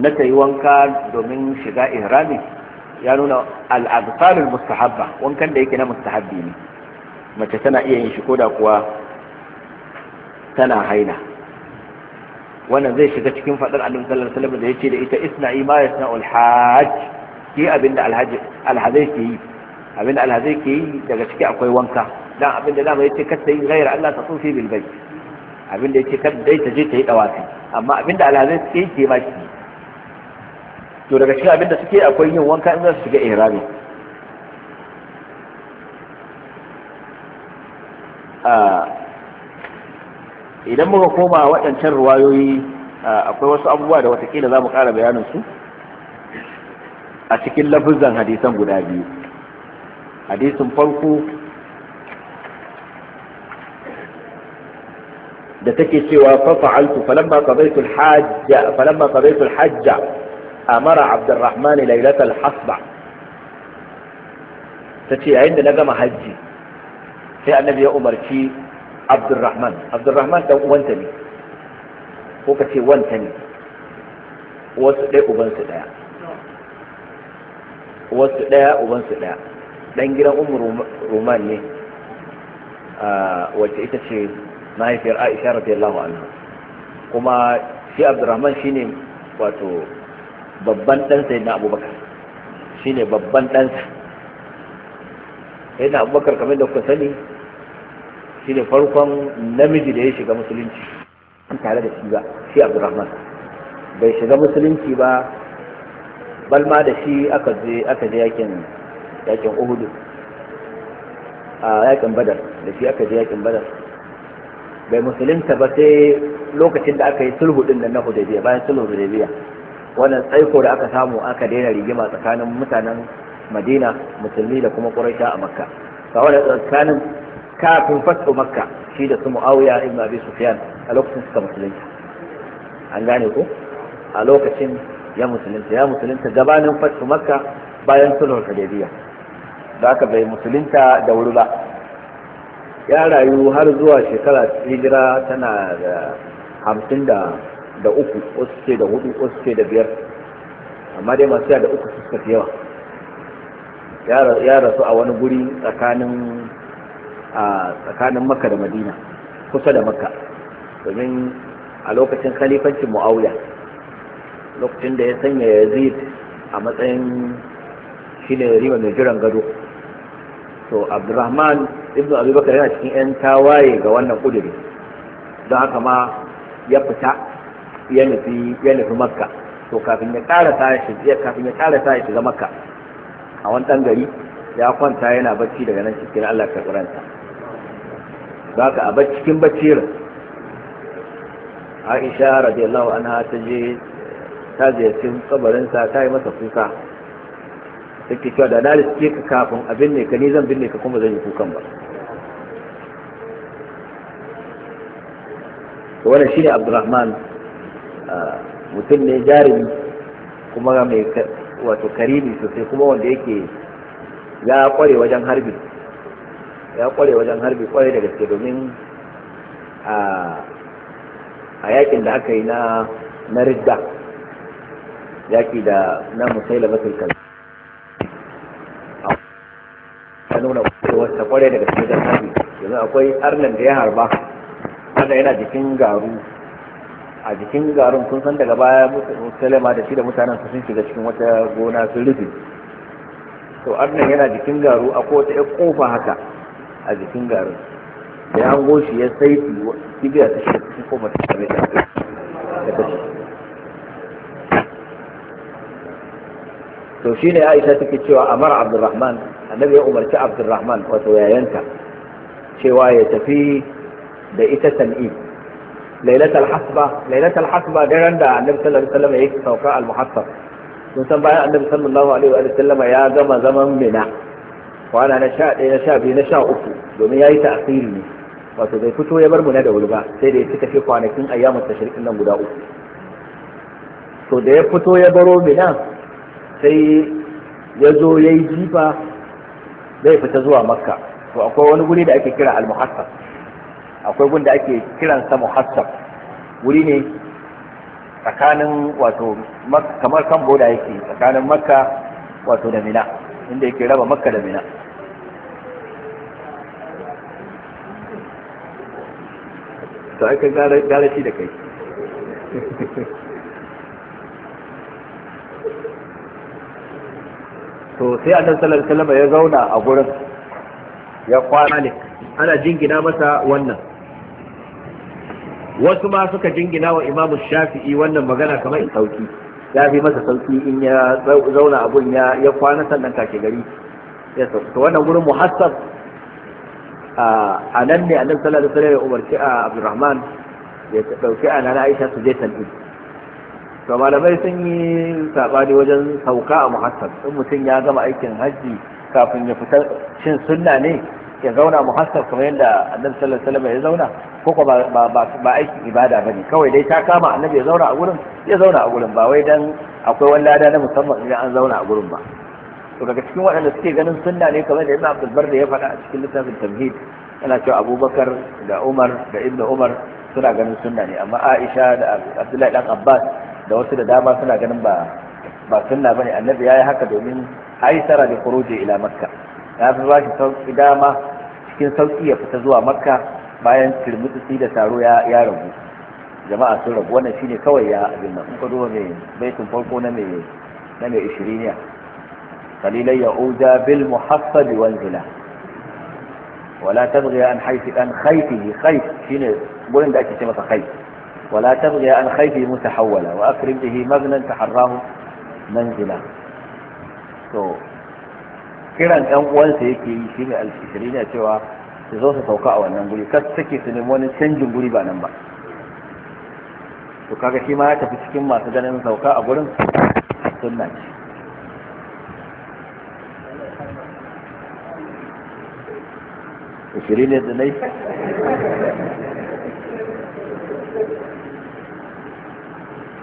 na ta yi wanka domin shiga ihrami ya nuna al'adfarul mustahabba wankan da yake na mustahabbi ne mace tana iya yin shi koda kuwa tana haina, wannan zai shiga cikin faɗar annabi sallallahu alaihi wasallam da yace da ita isna'i ma yasna'ul hajj ki abinda alhazai ke yi abinda alhazai ke yi daga ciki akwai wanka dan abinda da mai yace kada yi ghaira Allah ta tufi fi bilbai, abinda ya ce kada dai ta je ta yi dawafi amma abinda alhazai ke yi ke ma shi to daga cikin abinda suke akwai yin wanka in za su shiga ihrami idan muka koma waɗancan ruwayoyi akwai wasu abubuwa da watakila za mu ƙara bayanin su a cikin lafizan hadisan guda biyu hadisin farko da take cewa fafa'altu falamma falamma hajja amara abdurrahman lailatul hasba tace yayin da na gama hajji sai annabi ya umarci abdurrahman abdurrahman dan uwanta ne ko ka ce wanta wasu ɗaya ubansu ɗaya wasu ɗaya ubansu ɗaya ɗan gidan umar roman ne wacce ita ce mahaifiyar aisha radiyallahu anha kuma shi abdurrahman shine wato babban ɗansa sayyidina abubakar shine babban ɗansa sayyidina abubakar kamar da kuka sani shine farkon namiji da ya shiga musulunci tare da shi ba shi abdurrahman bai shiga musulunci ba balma da shi aka je aka je yakin yakin uhudu a yakin badar da shi aka je yakin badar bai musulunta ba sai lokacin da aka yi sulhu din da na hudaybiya bayan sulhu hudaybiya wannan tsaiko da aka samu aka daina rigima tsakanin mutanen madina musulmi da kuma ƙuraita a makka ga wannan tsakanin kafin fasko makka shi da su mu'awiya ibn abi sufyan a lokacin suka musulunta an gane ko a lokacin ya musulunta ya musulunta gabanin fasko makka bayan sulhul hudaybiya da aka bai musulunta da wuri ba ya rayu har zuwa shekara hijira tana da hamsin da da uku wasu ce da hudu wasu ce da biyar amma dai masu da uku suka fi yawa ya rasu a wani guri tsakanin maka da madina kusa da makka domin a lokacin khalifancin mu'awiya lokacin da ya sanya yazid a matsayin shine rima mai jiran gado So abdurrahman ibn abubakar yana cikin 'yan tawaye ga wannan kudiri don haka ma ya fita ya nufi ya nufi makka to kafin ya karasa shi kafin ya karasa ya shiga makka a wani dan gari ya kwanta yana bacci daga nan cikin Allah ka karanta ka a bacci cikin bacci Aisha radiyallahu anha ta je ta cikin kabarin sa ta yi masa kuka take cewa da na ke ka kafin abin ne ka ni zan binne ka kuma zan yi kukan ba wannan shine Abdulrahman mutum ne jarumi kuma mai wato karimi sosai kuma wanda yake ya kware wajen harbi ya kware wajen harbi kware da gaske domin a yakin da aka yi na na ridda yaki da na musaila matulkal a nuna wata kware da gaske wajen harbi yanzu akwai arnan da ya harba wanda yana jikin garu a jikin garin kun san daga baya musulma da shi da mutanen su sun shiga cikin wata gona sun rufe to annan yana jikin garu a kowace ya kofa haka a jikin garin da ya hango shi ya saifi kibiya ta shi cikin kofa ta shi da ta shi to shine Aisha take cewa Amar Abdulrahman annabi ya umarci abdurrahman wato yayanta cewa ya tafi da ita tan'i lailatul hasba lailatul hasba daren da annabi sallallahu alaihi wasallam yake sauka al-muhassab sun san bayan annabi sallallahu alaihi wa sallam ya gama zaman mina kwana na 11 na 12 na 13 domin yayi ta'siri ne wato bai fito ya bar mu na da wuri ba sai da ya cika shi kwanakin ayyamu tashriqin nan guda uku to da ya fito ya baro mina sai ya zo ya yi jifa zai fita zuwa makka to akwai wani guri da ake kira al-muhassab akwai gunda ake kiransa muhassab wuri ne tsakanin wato kamar kan boda yake tsakanin makka wato da mina inda yake raba makka da mina to aka gara shi da kai to sai annabi sallallahu alaihi wasallam ya zauna a gurin ya kwana ne ana jingina masa wannan wasu ma suka jingina wa imamu shafi'i wannan magana kamar in sauki ya fi masa sauki in ya zauna abun ya ya kwana sannan kake gari ya sauki wannan gurin muhassab a nan ne annabi sallallahu alaihi wasallam ya umarci a Abdurrahman ya dauki ana na Aisha su je to malamai sun yi sabani wajen sauka a muhassab in mutum ya gama aikin hajji kafin ya fita shin sunna ne ya zauna muhassab kamar yadda annabi sallallahu alaihi wasallam ya zauna ko ko ba ba ba aiki ibada bane kawai dai ta kama annabi ya zauna a gurin ya zauna a gurin ba wai dan akwai wani lada na musamman idan an zauna a gurin ba to daga cikin waɗanda suke ganin sunna ne kamar da Ibn Abdul Bar da ya faɗa a cikin littafin Tamhid yana cewa Abubakar da Umar da Ibn Umar suna ganin sunna ne amma Aisha da Abdullahi dan Abbas da wasu da dama suna ganin ba ba sunna bane annabi yayi haka domin aisara da kuroje ila makka ya fi ba shi sauki dama cikin sauki ya fita zuwa makka bayan turmutsi da taro ya rabu jama'a sun rabu wannan shine kawai ya abin nan in ka zo mai baitin farko na mai na mai ishiriniya ya ya'uda bil muhassab wal zila wala tabghi an haifi an khayfihi khayf shine gurin da ake ce masa khayf wala tabghi an khayfi mutahawwala wa akrim bihi magnan taharrahu manzila to kiran ɗan uwansa yake yi shi ne alfitiri ne cewa su zo su sauka a wannan guri kas take su nemi wani canjin guri ba nan ba to kaga shi ma ya tafi cikin masu ganin sauka a gurin sunna ce ishirin ne da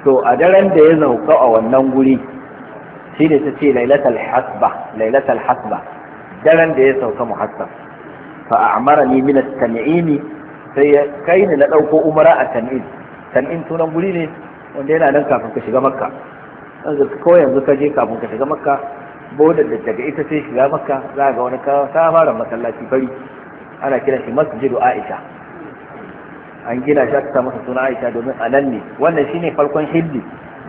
to a daren da ya sauka a wannan guri shi ne ta ce lailatul hasba lailatul hasba daren da ya sauka muhassab fa ni min at-tan'imi sai ya, kai ni na dauko umara a tan'im tan'im sunan guri ne wanda yana nan kafin ka shiga makka yanzu ko yanzu ka je kafin ka shiga makka bodar da daga ita sai shiga makka za ga wani ka fara masallaci bari. ana kiran shi masjidu aisha an gina shi aka masa suna aisha domin a nan ne wannan shine farkon hilli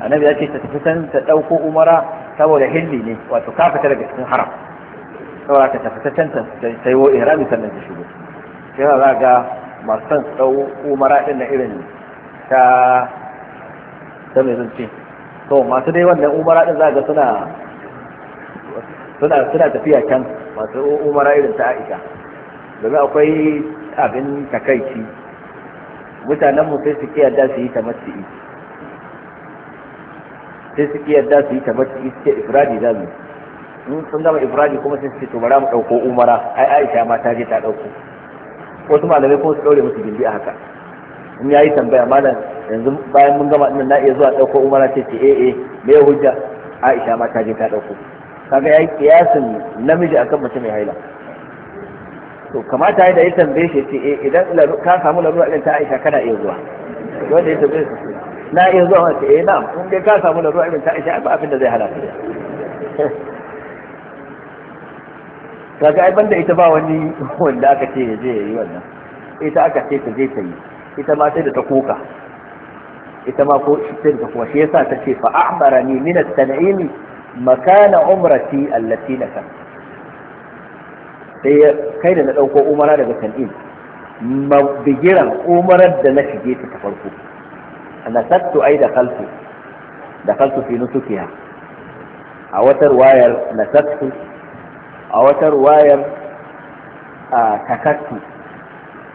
annabi ya ce ta tafi san ta ɗauko umara saboda hilli ne wato ka fita daga cikin haram saboda ka tafi ta can ta sayo ihrami sannan ta shigo sai za ga masu son su ɗau umara din na irin ta ta mai zance to masu dai wannan umara din za ga suna suna tafiya can masu umara irin ta aisha domin akwai abin takaici mutanen mu sai su kiyar da su yi ta masi'i sai suke yadda su yi tabbacin su ce ifradi za su in sun gama ifradi kuma sai suke to bara mu ɗauko umara ai aisha ma ta je ta ɗauko wasu malamai kuma su ɗaure musu gindi a haka in ya yi tambaya malam yanzu bayan mun gama ɗin na iya zuwa ɗauko umara ce ce eh eh me hujja aisha ma ta je ta ɗauko kaga ya yi kiyasin namiji akan mace mai haila to kamata ya da ya tambaye shi ce eh idan ka samu larura irin ta aisha kana iya zuwa wanda ya tambaye shi na iya zuwa wace eh na in dai ka samu da ruwa irin ta aisha ba abin da zai hana kaga ai banda ita ba wani wanda aka ce ya je ya yi wannan ita aka ce ta je ta yi ita ma sai da ta koka ita ma ko sai da ta koka shi yasa ta ce fa ahbarani min at-tan'imi makana umrati allati naka sai kai da na dauko umara daga tan'im bigiran umarar da na shige ta ta farko nasattu ai da kaltu da kaltu fi nusukiha a wata ruwayar nasattu a wata ruwayar takattu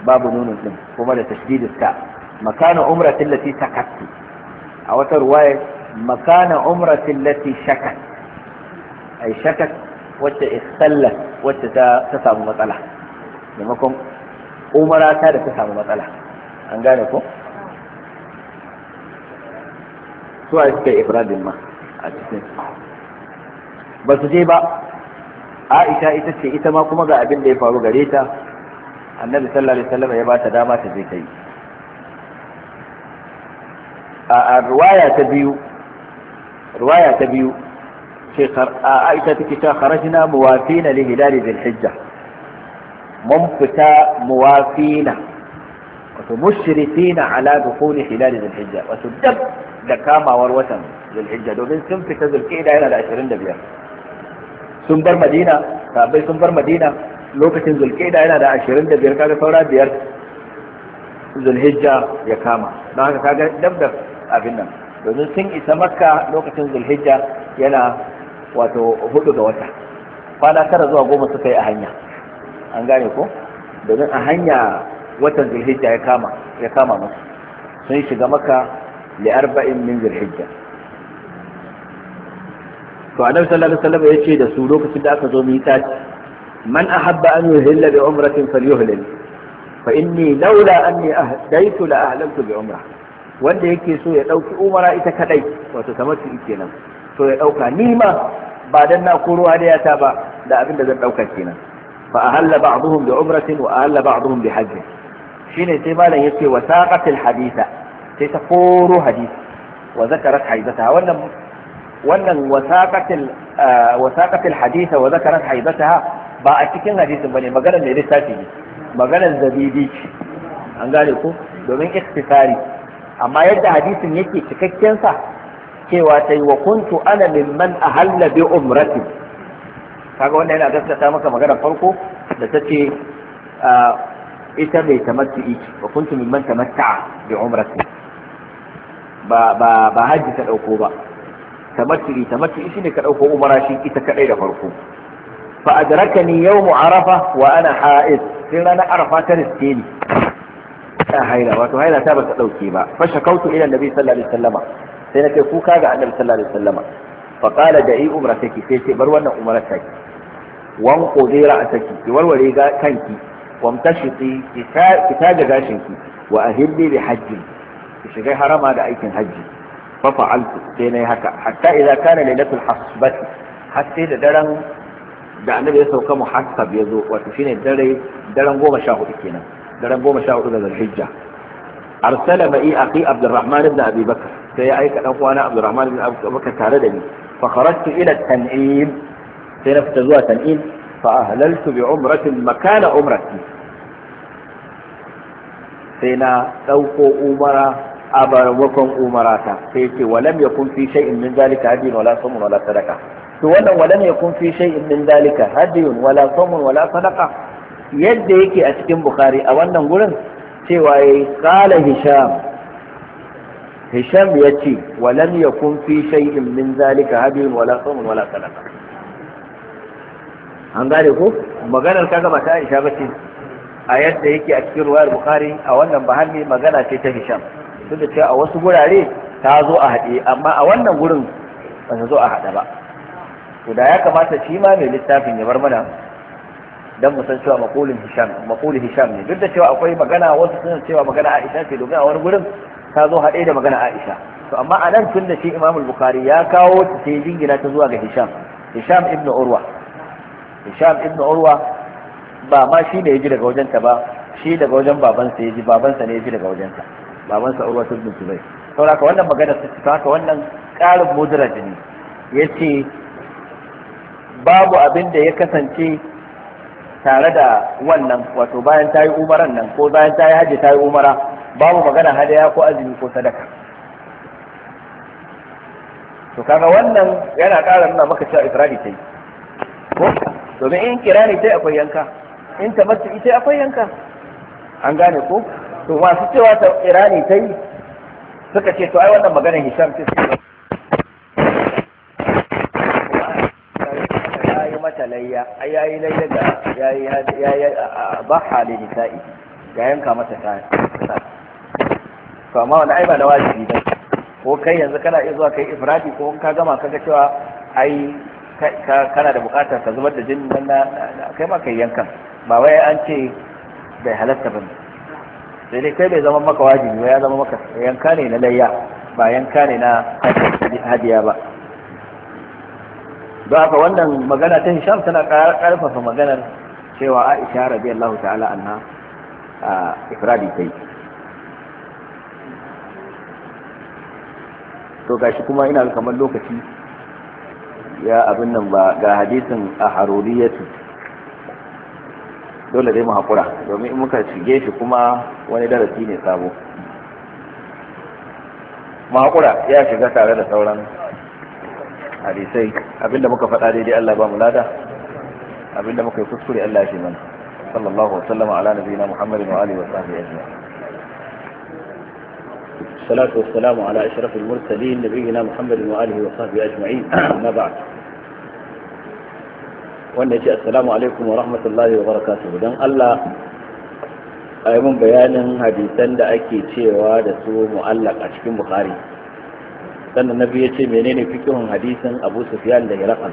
babu nunin din kuma da tashdidis ka makana umratin lati takattu a wata ruwayar makana umratin lati shakat ai shakat wacce ikhtallat wacce ta samu matsala maimakon umara ta da ta samu matsala an gane ko suwa suka yi ifradin ma a cikin ba su je ba aisha ita ce ita ma kuma ga abin da ya faru gare ta annabi sallallahu alaihi wasallam ya ba ta dama ta je ta yi a ruwaya ta biyu ruwaya ta biyu ce aisha take ta kharajna muwafina li hilali dhil hijja mun fita muwafina wato mushrifina ala dukhuli hilali dhil hijja wato dab da kamawar watan zulhijja domin sun fita zulqa'ida yana da 25 sun bar madina sabai sun bar madina lokacin zulqa'ida yana da 25 kaga saura biyar zulhijja ya kama don haka kaga dab da abin nan domin sun isa makka lokacin zulhijja yana wato hudu ga wata kwana tara zuwa goma suka yi a hanya an gane ko domin a hanya watan zulhijja ya kama ya kama musu sun shiga maka لأربع من ذي الحجة فأنا صلى الله da وسلم يشي دا سولوك سداك زوميتات من أحب أن يهل بعمرة فليهلل فإني لولا أني أهديت لأهللت بعمرة wanda yake so ya ɗauki umara ita kadai wato kamar su kenan to ya ɗauka ni ma ba dan na koro yata ba da abin da zan ɗauka kenan fa ahalla ba'dhum bi umratin wa ahalla ba'dhum bi hajj shine sai malam yace wa saqatil haditha sai ta koro hadisi wa zakarat haidataha wannan wannan wasaqatil eh, wasaqatil hadith wa zakarat haidataha ba a cikin hadisin bane maganar ne lissafi ne maganar zabibi an gane ko domin ikhtisari amma yadda hadisin yake cikakken sa cewa tai wa kuntu ana mimman ahalla bi umrati kaga wannan yana gaskata maka maganar farko da tace eh, ita bai tamattu wa kuntu mimman tamatta'a bi umrati ba ba haji ka dauko ba tamattu'i tamattu'i shine ka dauko umara shi ita kadai da farko fa adrakani yawmu arafa wa ana ha'id sai rana arafa ta riske ni ta haila wato haila ta bata dauke ba fa shakautu ila annabi sallallahu alaihi wasallama sai na kai kuka ga annabi sallallahu alaihi wasallama fa qala da'i umrataki sai sai bar wannan umara umrataki wan qudira ataki ki warware ga kanki wamtashiti ki ta gashinki wa ahilli bi hajji ku shiga harama da aikin hajji fa fa'altu sai nayi haka hatta idza kana lailatul hasbati har sai da daren da annabi ya sauka muhassab ya zo wato shine dare daren goma sha hudu kenan daren goma sha hudu da zulhijja arsala ma'i aqi abdurrahman ibn abi bakr sai ya aika dan uwana abdurrahman ibn abi bakr tare da ni fa kharajtu ila tan'im sai na fita zuwa tan'im fa ahlaltu bi umratin makana umrati sai na dauko umara a barwakon umarata sai ce walam ya kun fi shay'in min zalika hadin wala sumun wala sadaka to wannan walam ya kun fi shay'in min zalika hadin wala sumun wala sadaka yadda yake a cikin bukhari a wannan gurin cewa yayi qala hisham hisham yace walam ya kun fi shay'in min zalika hadin wala sumun wala sadaka an gane ko maganar kaga ba ta Aisha ba ce a yadda yake a cikin ruwayar Bukhari a wannan bahani magana ce ta Hisham duk da cewa a wasu gurare ta zo a haɗe amma a wannan gurin ba ta zo a haɗa ba to da ya kamata shi ma mai littafin ya bar mana dan mu san cewa maqulin hisham maqulin hisham ne duk da cewa akwai magana wasu suna cewa magana Aisha ce domin a wani gurin ta zo haɗe da magana Aisha to amma a nan tun da shi Imam Bukhari ya kawo ta sai jingina ta zuwa ga Hisham Hisham ibn Urwa Hisham ibn Urwa ba ma shi ne ya ji daga wajenta ba shi daga wajen babansa ya ji babansa ne ya ji daga wajenta baban sa urwa ibn zubair saboda wannan magana ta haka wannan karin mudraj ne yace babu abin da ya kasance tare da wannan wato bayan ta yi umaran nan ko bayan ta yi hajji ta yi umara babu magana hadaya ko azumi ko sadaka to kaga wannan yana ƙara nuna maka cewa ikirari ta yi ko domin in kirani ta akwai yanka in tabbata ita akwai yanka an gane ko to masu cewa ta irani ta yi suka ce to ai wannan maganar hisham ce suke yi mata layya ai yi layya ga yayi yayi ba hali nisa'i ya yanka mata ta to amma wannan ai ba da wajibi ba ko kai yanzu kana iya zuwa kai ifradi ko ka gama kaga cewa ai kana da buƙatar ka zubar da jinin nan kai ma kai yankan ba wai an ce bai halatta ne. sai dai kai bai zama maka wajibi ba ya zama maka yanka ne na layya ba yanka ne na hadiya ba don haka wannan magana ta hisham tana karfafa maganar cewa aisha Allah ta'ala anha a ifradi kai to gashi kuma ina kamar lokaci ya abin nan ba ga hadisin a haruriyatu dole dai mu haƙura domin in muka shige shi kuma wani darasi ne sabo mu ya shiga tare da sauran hadisai abinda muka faɗa daidai Allah ba mu lada abinda muka yi kuskure Allah shi mana sallallahu alaihi wa sallama ala nabiyina muhammadin wa alihi wa sahbihi ajma'in والصلاة والسلام على أشرف المرسلين نبينا محمد وآله وصحبه أجمعين أما بعد wanda ce assalamu alaikum wa rahmatullahi wa barakatuh don Allah a yi mun bayanin hadisan da ake cewa da su mu'allaq a cikin bukhari sannan nabi ya ce menene fikihun hadisin abu sufyan da hirafan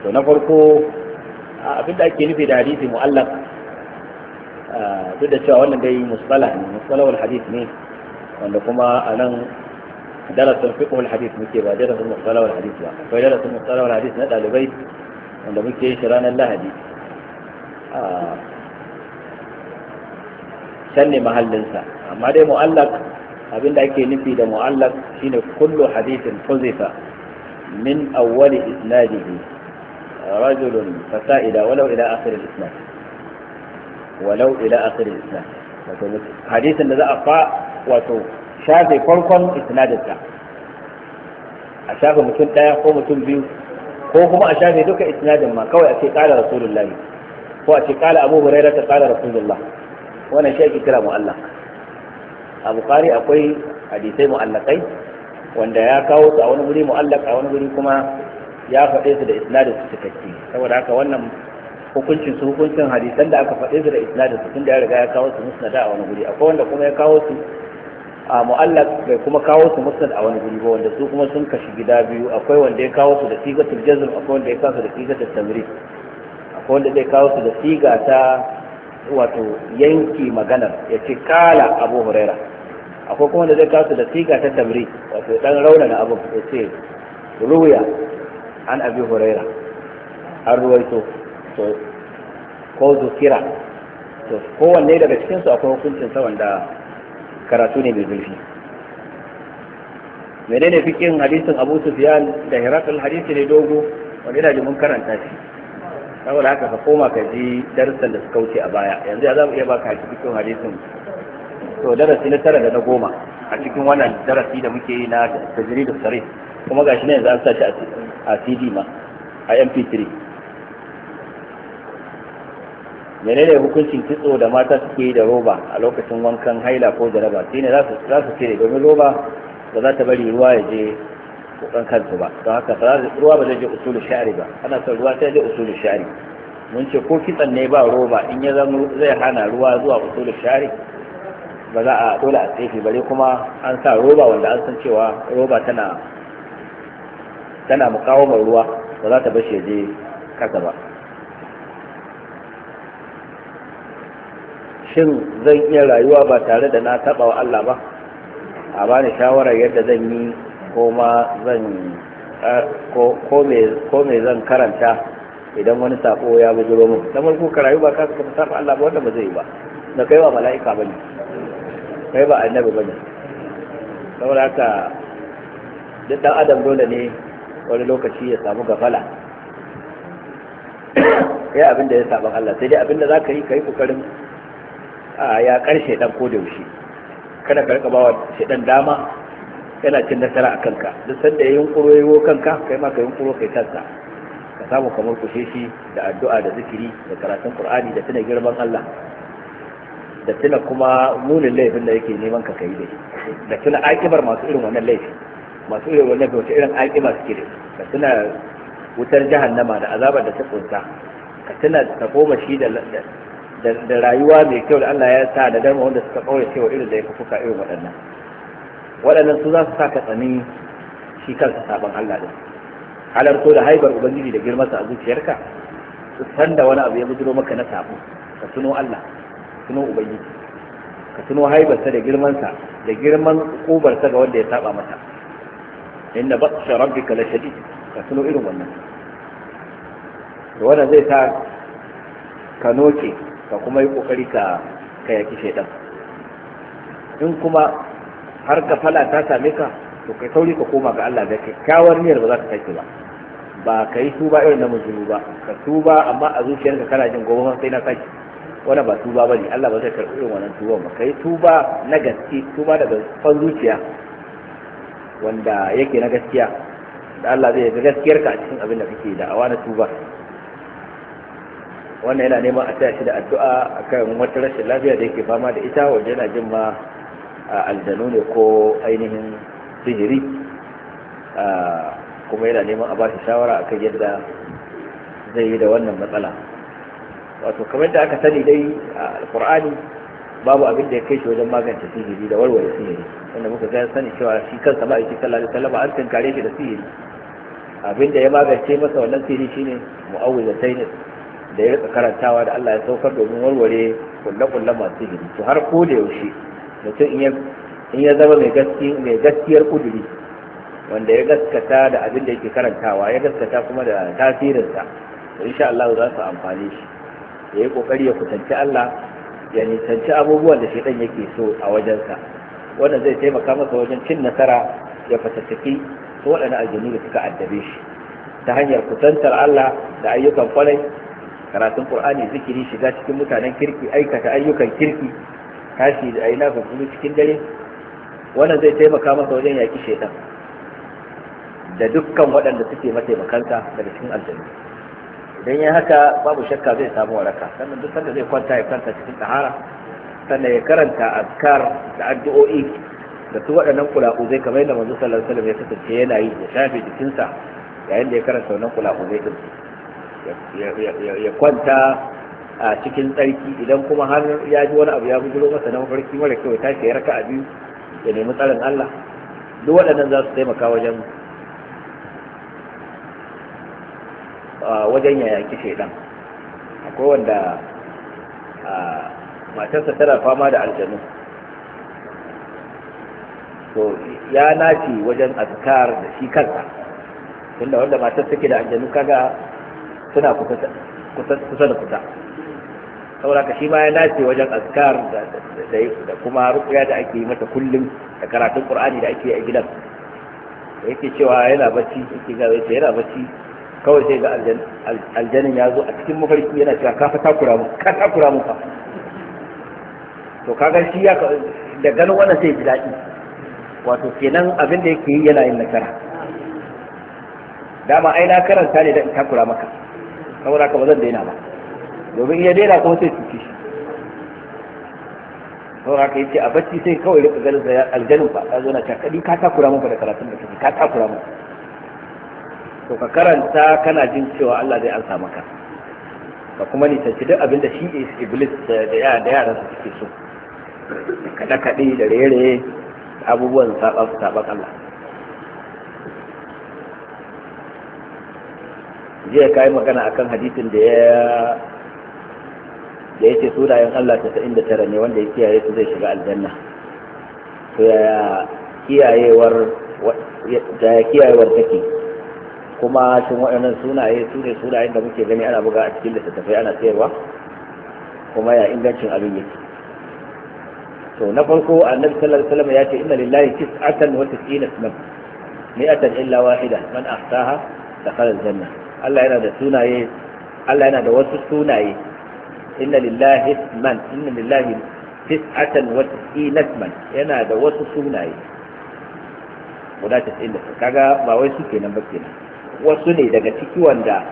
to na farko abin da ake nufi da hadisi mu'allaq eh, duk da cewa wannan dai musala ne musalawar hadis ne wanda kuma a nan darasin fiqhul hadis muke ba darasin musalawar hadis ba akwai darasin musalawar hadis na ɗalibai wanda muke yin shi ranar lahadi a ah. can ne mahallinsa amma dai mu'allak abinda ake nufi da mu'allak shine kullu hadithin fuzifa min awwali isnadihi rajulun fasa'ida walau ila akhir al-isnad walau ila akhir al-isnad wato hadisin da za a fa wato shafe farkon isnadinsa a shafe mutum daya ko mutum biyu ko kuma a shafe duka isnadin ma kawai a ce kala rasulullah ko a ce kala abu hurairah ta kala rasulullah wannan shi ake kira mu'allaq a bukari akwai hadisai mu'allaqai wanda ya kawo su a wani guri mu'allaq a wani guri kuma ya faɗe su da isnadin su cikakke saboda haka wannan hukuncin su hukuncin hadisan da aka faɗe su da isnadin su tun da ya riga ya kawo su musnada a wani guri akwai wanda kuma ya kawo su a mu'allaq bai kuma kawo su musnad a wani guri ba wanda su kuma sun kashi gida biyu akwai wanda ya kawo su da sigatul jazm akwai wanda ya kawo su da sigatul tamri, akwai wanda zai kawo su da siga ta wato yanki maganar ya ce kala abu huraira akwai kuma wanda zai kawo su da siga ta tamri wato dan raunana abu ya ce ruya an abi huraira an ruwaito to ko zukira to kowanne daga cikinsu akwai hukuncin sa wanda karatu ne mai zurfi menene fikin hadisin Abu Sufyan da Hirakul hadisi ne dogo wani yana jimin karanta shi saboda haka ka koma ka ji darussan da suka wuce a baya yanzu ya zamu iya baka haƙi fikin hadisin to darasi na tara da na goma a cikin wannan darasi da muke yi na tajiri da sare kuma gashi ne yanzu an sa shi a CD ma a MP3 menene hukuncin kitso da mata suke yi da roba a lokacin wankan haila ko jaraba shine za su za su cire domin roba ba za ta bari ruwa ya je kokan kansu ba don haka ruwa ba zai je usulun sha'ri ba ana son ruwa ta je usulun sha'ri mun ce ko kitsan ne ba roba in ya zama zai hana ruwa zuwa usulun sha'ri ba za a dole a tsefe bare kuma an sa roba wanda an san cewa roba tana tana mukawamar ruwa ba za ta bashe je kasa ba shin zan iya rayuwa ba tare da na taɓa wa Allah ba a bani shawarar yadda zan yi ko ma zan ko me zan karanta idan wani sako ya bujuro mu dan wani ka rayu ba ka ka taɓa Allah ba wanda ba zai yi ba da kai ba mala'ika bane kai ba annabi bane saboda haka duk dan adam dole ne wani lokaci ya samu gafala kai abin da ya saban Allah sai dai abin da zaka yi kai kokarin ya karshe dan ko da yaushe kada ka rika wa shedan dama yana cin nasara a kanka duk sanda ya yunkuro yayo kanka kai ma ka yunkuro kai kanka ka samu kamar kushe shi da addu'a da zikiri da karatun qur'ani da tuna girman Allah da tuna kuma munin laifin da yake neman ka kai dai da tuna akibar masu irin wannan laifi masu irin wannan wata irin su suke da da tuna wutar jahannama da azabar da ta kunta ka tuna ta koma shi da da rayuwa mai kyau da Allah ya sa da dama wanda suka kaure cewa irin da ya fuka irin waɗannan waɗannan su za su sa ka tsani shi kansa sabon Allah din halarto da haibar ubangiji da girmansa a zuciyarka su san da wani abu ya bujiro maka na sabo ka tuno Allah tuno ubangiji ka tuno haibarsa da girmansa da girman kubarsa ga wanda ya saba mata inna batsha rabbika la shadid ka tuno irin wannan wannan zai sa ka noke ka kuma yi kokari ka ka yaki shaidan in kuma har ka fala ta same ka to kai sauri ka koma ga Allah da kyakkyawar niyyar ba za ka sake ba ba ka yi tuba irin na musulmi ba ka tuba amma a zuciyarka kana jin gobe sai na sake wani ba tuba bane Allah ba zai karɓi irin wannan tuba ba kai tuba na gaske tuba daga fan zuciya wanda yake na gaskiya da Allah zai ga gaskiyarka a cikin abin da kake da awana na tuba wannan yana neman a taya shi da addu'a kan wata rashin lafiya da yake fama da ita wajen yana jin ma aljanu ne ko ainihin sihiri kuma yana neman a ba shi shawara kan yadda zai yi da wannan matsala wato kamar da aka sani dai a alkur'ani babu abin da ya kai shi wajen magance sihiri da warware sihiri wanda muka zai sani cewa shi kansa a sallallahu alaihi wasallam an tunkare shi da sihiri abin da ya magance masa wannan sihiri shine mu'awwizatain da ya rika karantawa da Allah ya saukar domin warware kulle-kulle masu hiri to har ko da yaushe mutum in ya zama mai gaskiyar kuduri wanda ya gaskata da abin da yake karantawa ya gaskata kuma da tasirinsa to insha Allah za su amfane shi ya yi kokari ya kusanci Allah ya nisanci abubuwan da shaitan yake so a wajensa wannan zai taimaka masa wajen cin nasara ya fatattaki su waɗannan aljanu da suka addabe shi ta hanyar kusantar Allah da ayyukan kwarai karatun qur'ani zikiri shiga cikin mutanen kirki aikata ayyukan kirki kashi da aina hukumi cikin dare wannan zai taimaka masa wajen yaki shaitan da dukkan waɗanda suke mataimakansa daga cikin aljanna idan ya haka babu shakka zai samu waraka sannan duk sanda zai kwanta ya kwanta cikin tsahara, sannan ya karanta azkar da addu'o'i da su waɗannan kulaku zai kamar yadda manzo sallallahu alaihi wasallam ya kasance yana yi ya shafe jikinsa yayin da ya karanta wannan kulaku zai ya kwanta a cikin tsarki idan kuma har ya ji wani abu ya bujiro masa na mafarki mara kyau ya tashi ya raka a biyu ya nemi tsarin Allah duk waɗannan za su taimaka wajen wajen ya yaki shaidan akwai wanda matarsa tana fama da aljanu to ya naci wajen azkar da shi kansa tunda wanda matar take da aljanu kaga suna kusa da kusa saboda ka shi ma ya dace wajen azkar da kuma rukuya da ake yi mata kullum da karatun qur'ani da ake yi a gidan da yake cewa yana bacci yake ga yace yana bacci kawai sai ga aljanin ya zo a cikin mafarki yana cewa ka fa takura mu ka takura mu fa to kaga shi ya da ganin wannan sai ji daɗi wato kenan abin da yake yi yana yin nasara. dama ai na karanta ne da in takura maka saboda ka ba zan daina ba domin iya daina ko sai cuci shi saboda haka yace a bacci sai kawai rika ganin aljanin fa ka zo na ta kadi ka takura mun da karatun da kake ka takura mun to ka karanta kana jin cewa Allah zai ansa maka ka kuma nisanci duk abin da shi iblis da yaran su suke so kada kadi da rere abubuwan saɓa saɓan Allah jiya ka yi magana akan hadisin da ya da yake sunayen Allah tara ne wanda ya kiyaye su zai shiga aljanna to ya kiyayewar da ya kiyayewar take kuma shin waɗannan sunaye su ne sunayen da muke gani ana buga a cikin littattafai ana sayarwa kuma ya ingancin abin yake to na farko annabi sallallahu alaihi wasallam ya ce inna lillahi tis'atan wa tis'ina isman mi'atan illa wahida man ahsaha dakhala aljanna Allah yana da sunaye Allah yana da wasu sunaye inna lillahi man. inna lillahi tis'atan wa tis'ina isman yana da wasu sunaye guda tis'in da kaga ba wai su kenan ba kenan wasu ne daga ciki wanda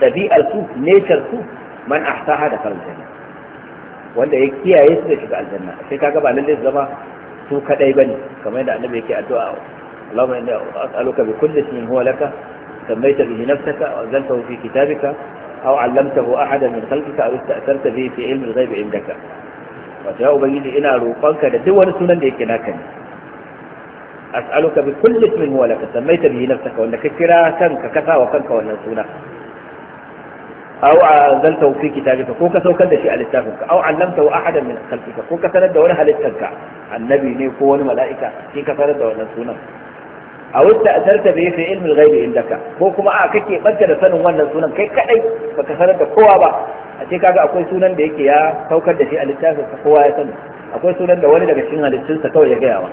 tabi'ar su nature su man ahsaha da farin wanda ya kiyaye su da shiga aljanna sai kaga ba lalle zama su kadai bane kamar yadda annabi yake addu'a Allahumma inni as'aluka bi kulli ismin huwa laka سميت به نفسك أو أزلته في كتابك أو علمته أحدا من خلفك أو استأثرت به في علم الغيب عندك وجاءوا بين إن أروقانك لدول سنن لإكناك أسألك بكل اسم هو لك سميت به نفسك وأنك كرا كنك كفا وكنك والنسونة أو أنزلته في كتابك كوكا سو كان شيء لتفك أو علمته أحدا من خلفك كوكا سند ولا هل النبي ني كون ملائكة كيف فرد ولا سنة a wata azarta bai fi ilmin gaibi indaka ko kuma a kake barka da sanin wannan sunan kai kadai baka sanar da kowa ba a ce kaga akwai sunan da yake ya saukar da shi a littafin sa kowa ya sani akwai sunan da wani daga cikin halittun sa kawai ya gaya wa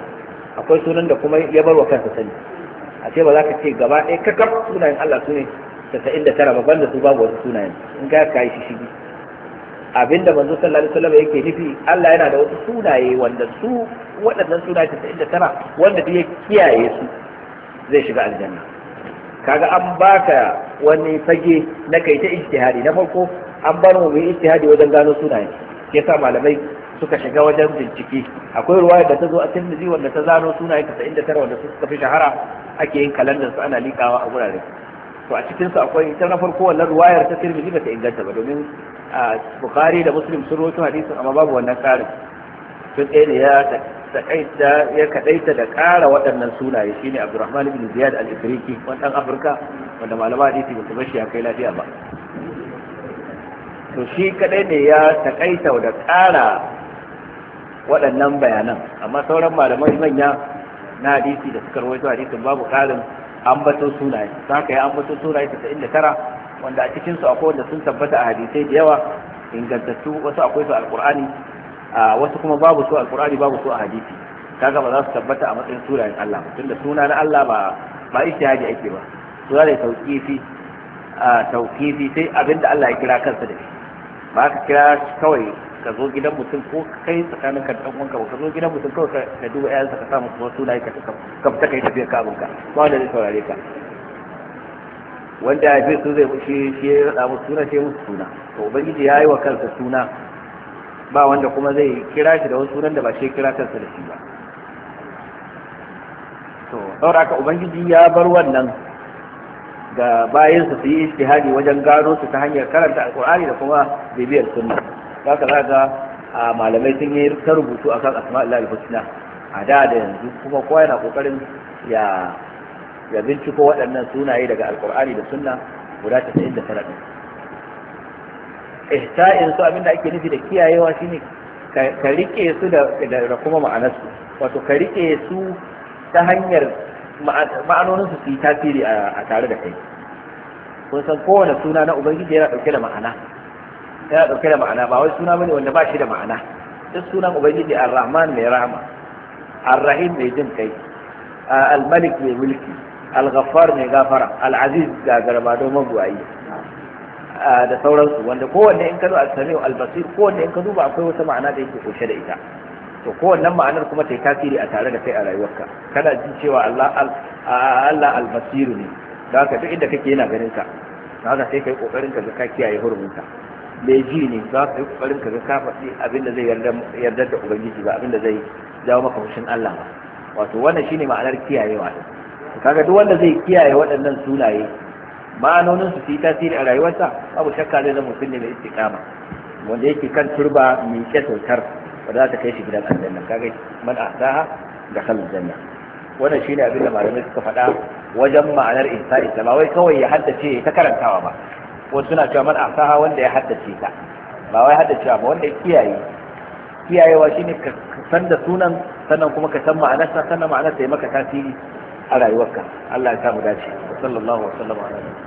akwai sunan da kuma ya bar wa kansa sani a ce ba za ka ce gaba ɗaya kakaf sunayen Allah su ne tasa'in da tara babban da su babu wasu sunayen in ka ka yi shi shigi abinda manzo sallallahu alaihi wasallam yake nufi Allah yana da wasu sunaye wanda su waɗannan sunaye tasa'in da tara wanda duk ya kiyaye su zai shiga aljanna kaga an baka wani fage na kai ta ijtihadi na farko an bar mu yi ijtihadi wajen gano sunaye ke sa malamai suka shiga wajen bincike akwai ruwaya da ta zo a tirmidhi wanda ta zano sunaye 99 wanda suka fi shahara ake yin kalandar su ana likawa a wurare. to a cikin su akwai ita na farko wannan ruwayar ta tirmidhi ba ta inganta ba domin ah, bukhari da muslim sun rawaito hadisin amma babu wannan karin sun ɗaya ne ya ya kadaita da kara waɗannan sunaye shine Abdurrahman ibn Ziyad al-Ifriqi wannan Afirka wanda malama hadisi ba su bashi ya kai lafiya ba to shi kadai ne ya takaita da kara waɗannan bayanan amma sauran malamai manya na hadisi da suka rawaito hadisin babu karin ambato sunaye saka ya ambato sunaye 99 wanda a cikin su akwai wanda sun tabbata a hadisai da yawa ingantattu wasu akwai su alqur'ani wasu kuma babu su a babu su a hadisi kaga ba za su tabbata a matsayin sunayen Allah ba tunda suna na Allah ba ba ijtihadi ake ba suna da tauqifi a tauqifi sai abinda Allah ya kira kansa da shi ba ka kira kawai ka zo gidan mutum ko kai tsakanin ka dan uwanka ka zo gidan mutum kawai ka duba ƴaƴansa ka sa musu wasu laika ka ka fita kai tafiya ka abinka ba wanda zai saurare ka wanda ya fi su zai shi shi ya rada musu suna sai musu suna to ubangiji ya yi wa kansa suna ba wanda kuma zai kira shi da wasu sunan da ba shi kira kansa da shi ba to saboda haka ubangiji ya bar wannan ga bayan su yi ijtihadi wajen gano su ta hanyar karanta alqur'ani da kuma bibiyar sunna ka za ga malamai sun yi ta rubutu akan asma'ul husna a da da yanzu kuma kowa yana kokarin ya ya binciko waɗannan sunaye daga alqur'ani da sunna guda 99 ihta'in su abinda ake nufi da kiyayewa shine ka rike su da kuma ma'anarsu wato ka rike su ta hanyar ma'anoninsu su yi tasiri a tare da kai kun san kowane suna na ubangiji yana dauke da ma'ana yana dauke da ma'ana ba wai suna bane wanda ba shi da ma'ana duk sunan ubangiji ar-rahman mai rahama ar-rahim mai jin kai al-malik mai mulki al-ghaffar mai gafara al-aziz ga garba don buwayi da sauransu wanda kowanne in ka zo al-sami'u al-basir kowanne in ka ba akwai wata ma'ana da yake kushe da ita to kowannen ma'anar kuma ta yi tasiri a tare da kai a rayuwarka kana ji cewa Allah albasiru al ne da haka duk inda kake yana ganin ka haka sai kai kokarin ka ka kiyaye hurumin ka mai ji ne za ka yi kokarin ka ka faɗi abin da zai yarda da ubangiji ba abin da zai jawo maka fushin Allah ba wato wannan shine ma'anar kiyayewa kaga duk wanda zai kiyaye waɗannan sunaye ma'anonin su tasiri a rayuwarsa abu shakka zai zama mutum ne mai istiqama wanda yake kan turba mai ke tautar wanda za ta kai shi gidan aljanna kaga man ahsaha da kalin janna wannan shine abin da malamai suka faɗa wajen ma'anar insani ba wai kawai ya haddace ta karantawa ba wasu suna cewa man asaha wanda ya haddace ta ba wai haddacewa ba wanda ya kiyaye kiyayewa shine ka san da sunan sannan kuma ka san ma'anarsa sannan ma'anarsa ya maka tasiri a rayuwarka Allah ya samu dace sallallahu alaihi wa sallam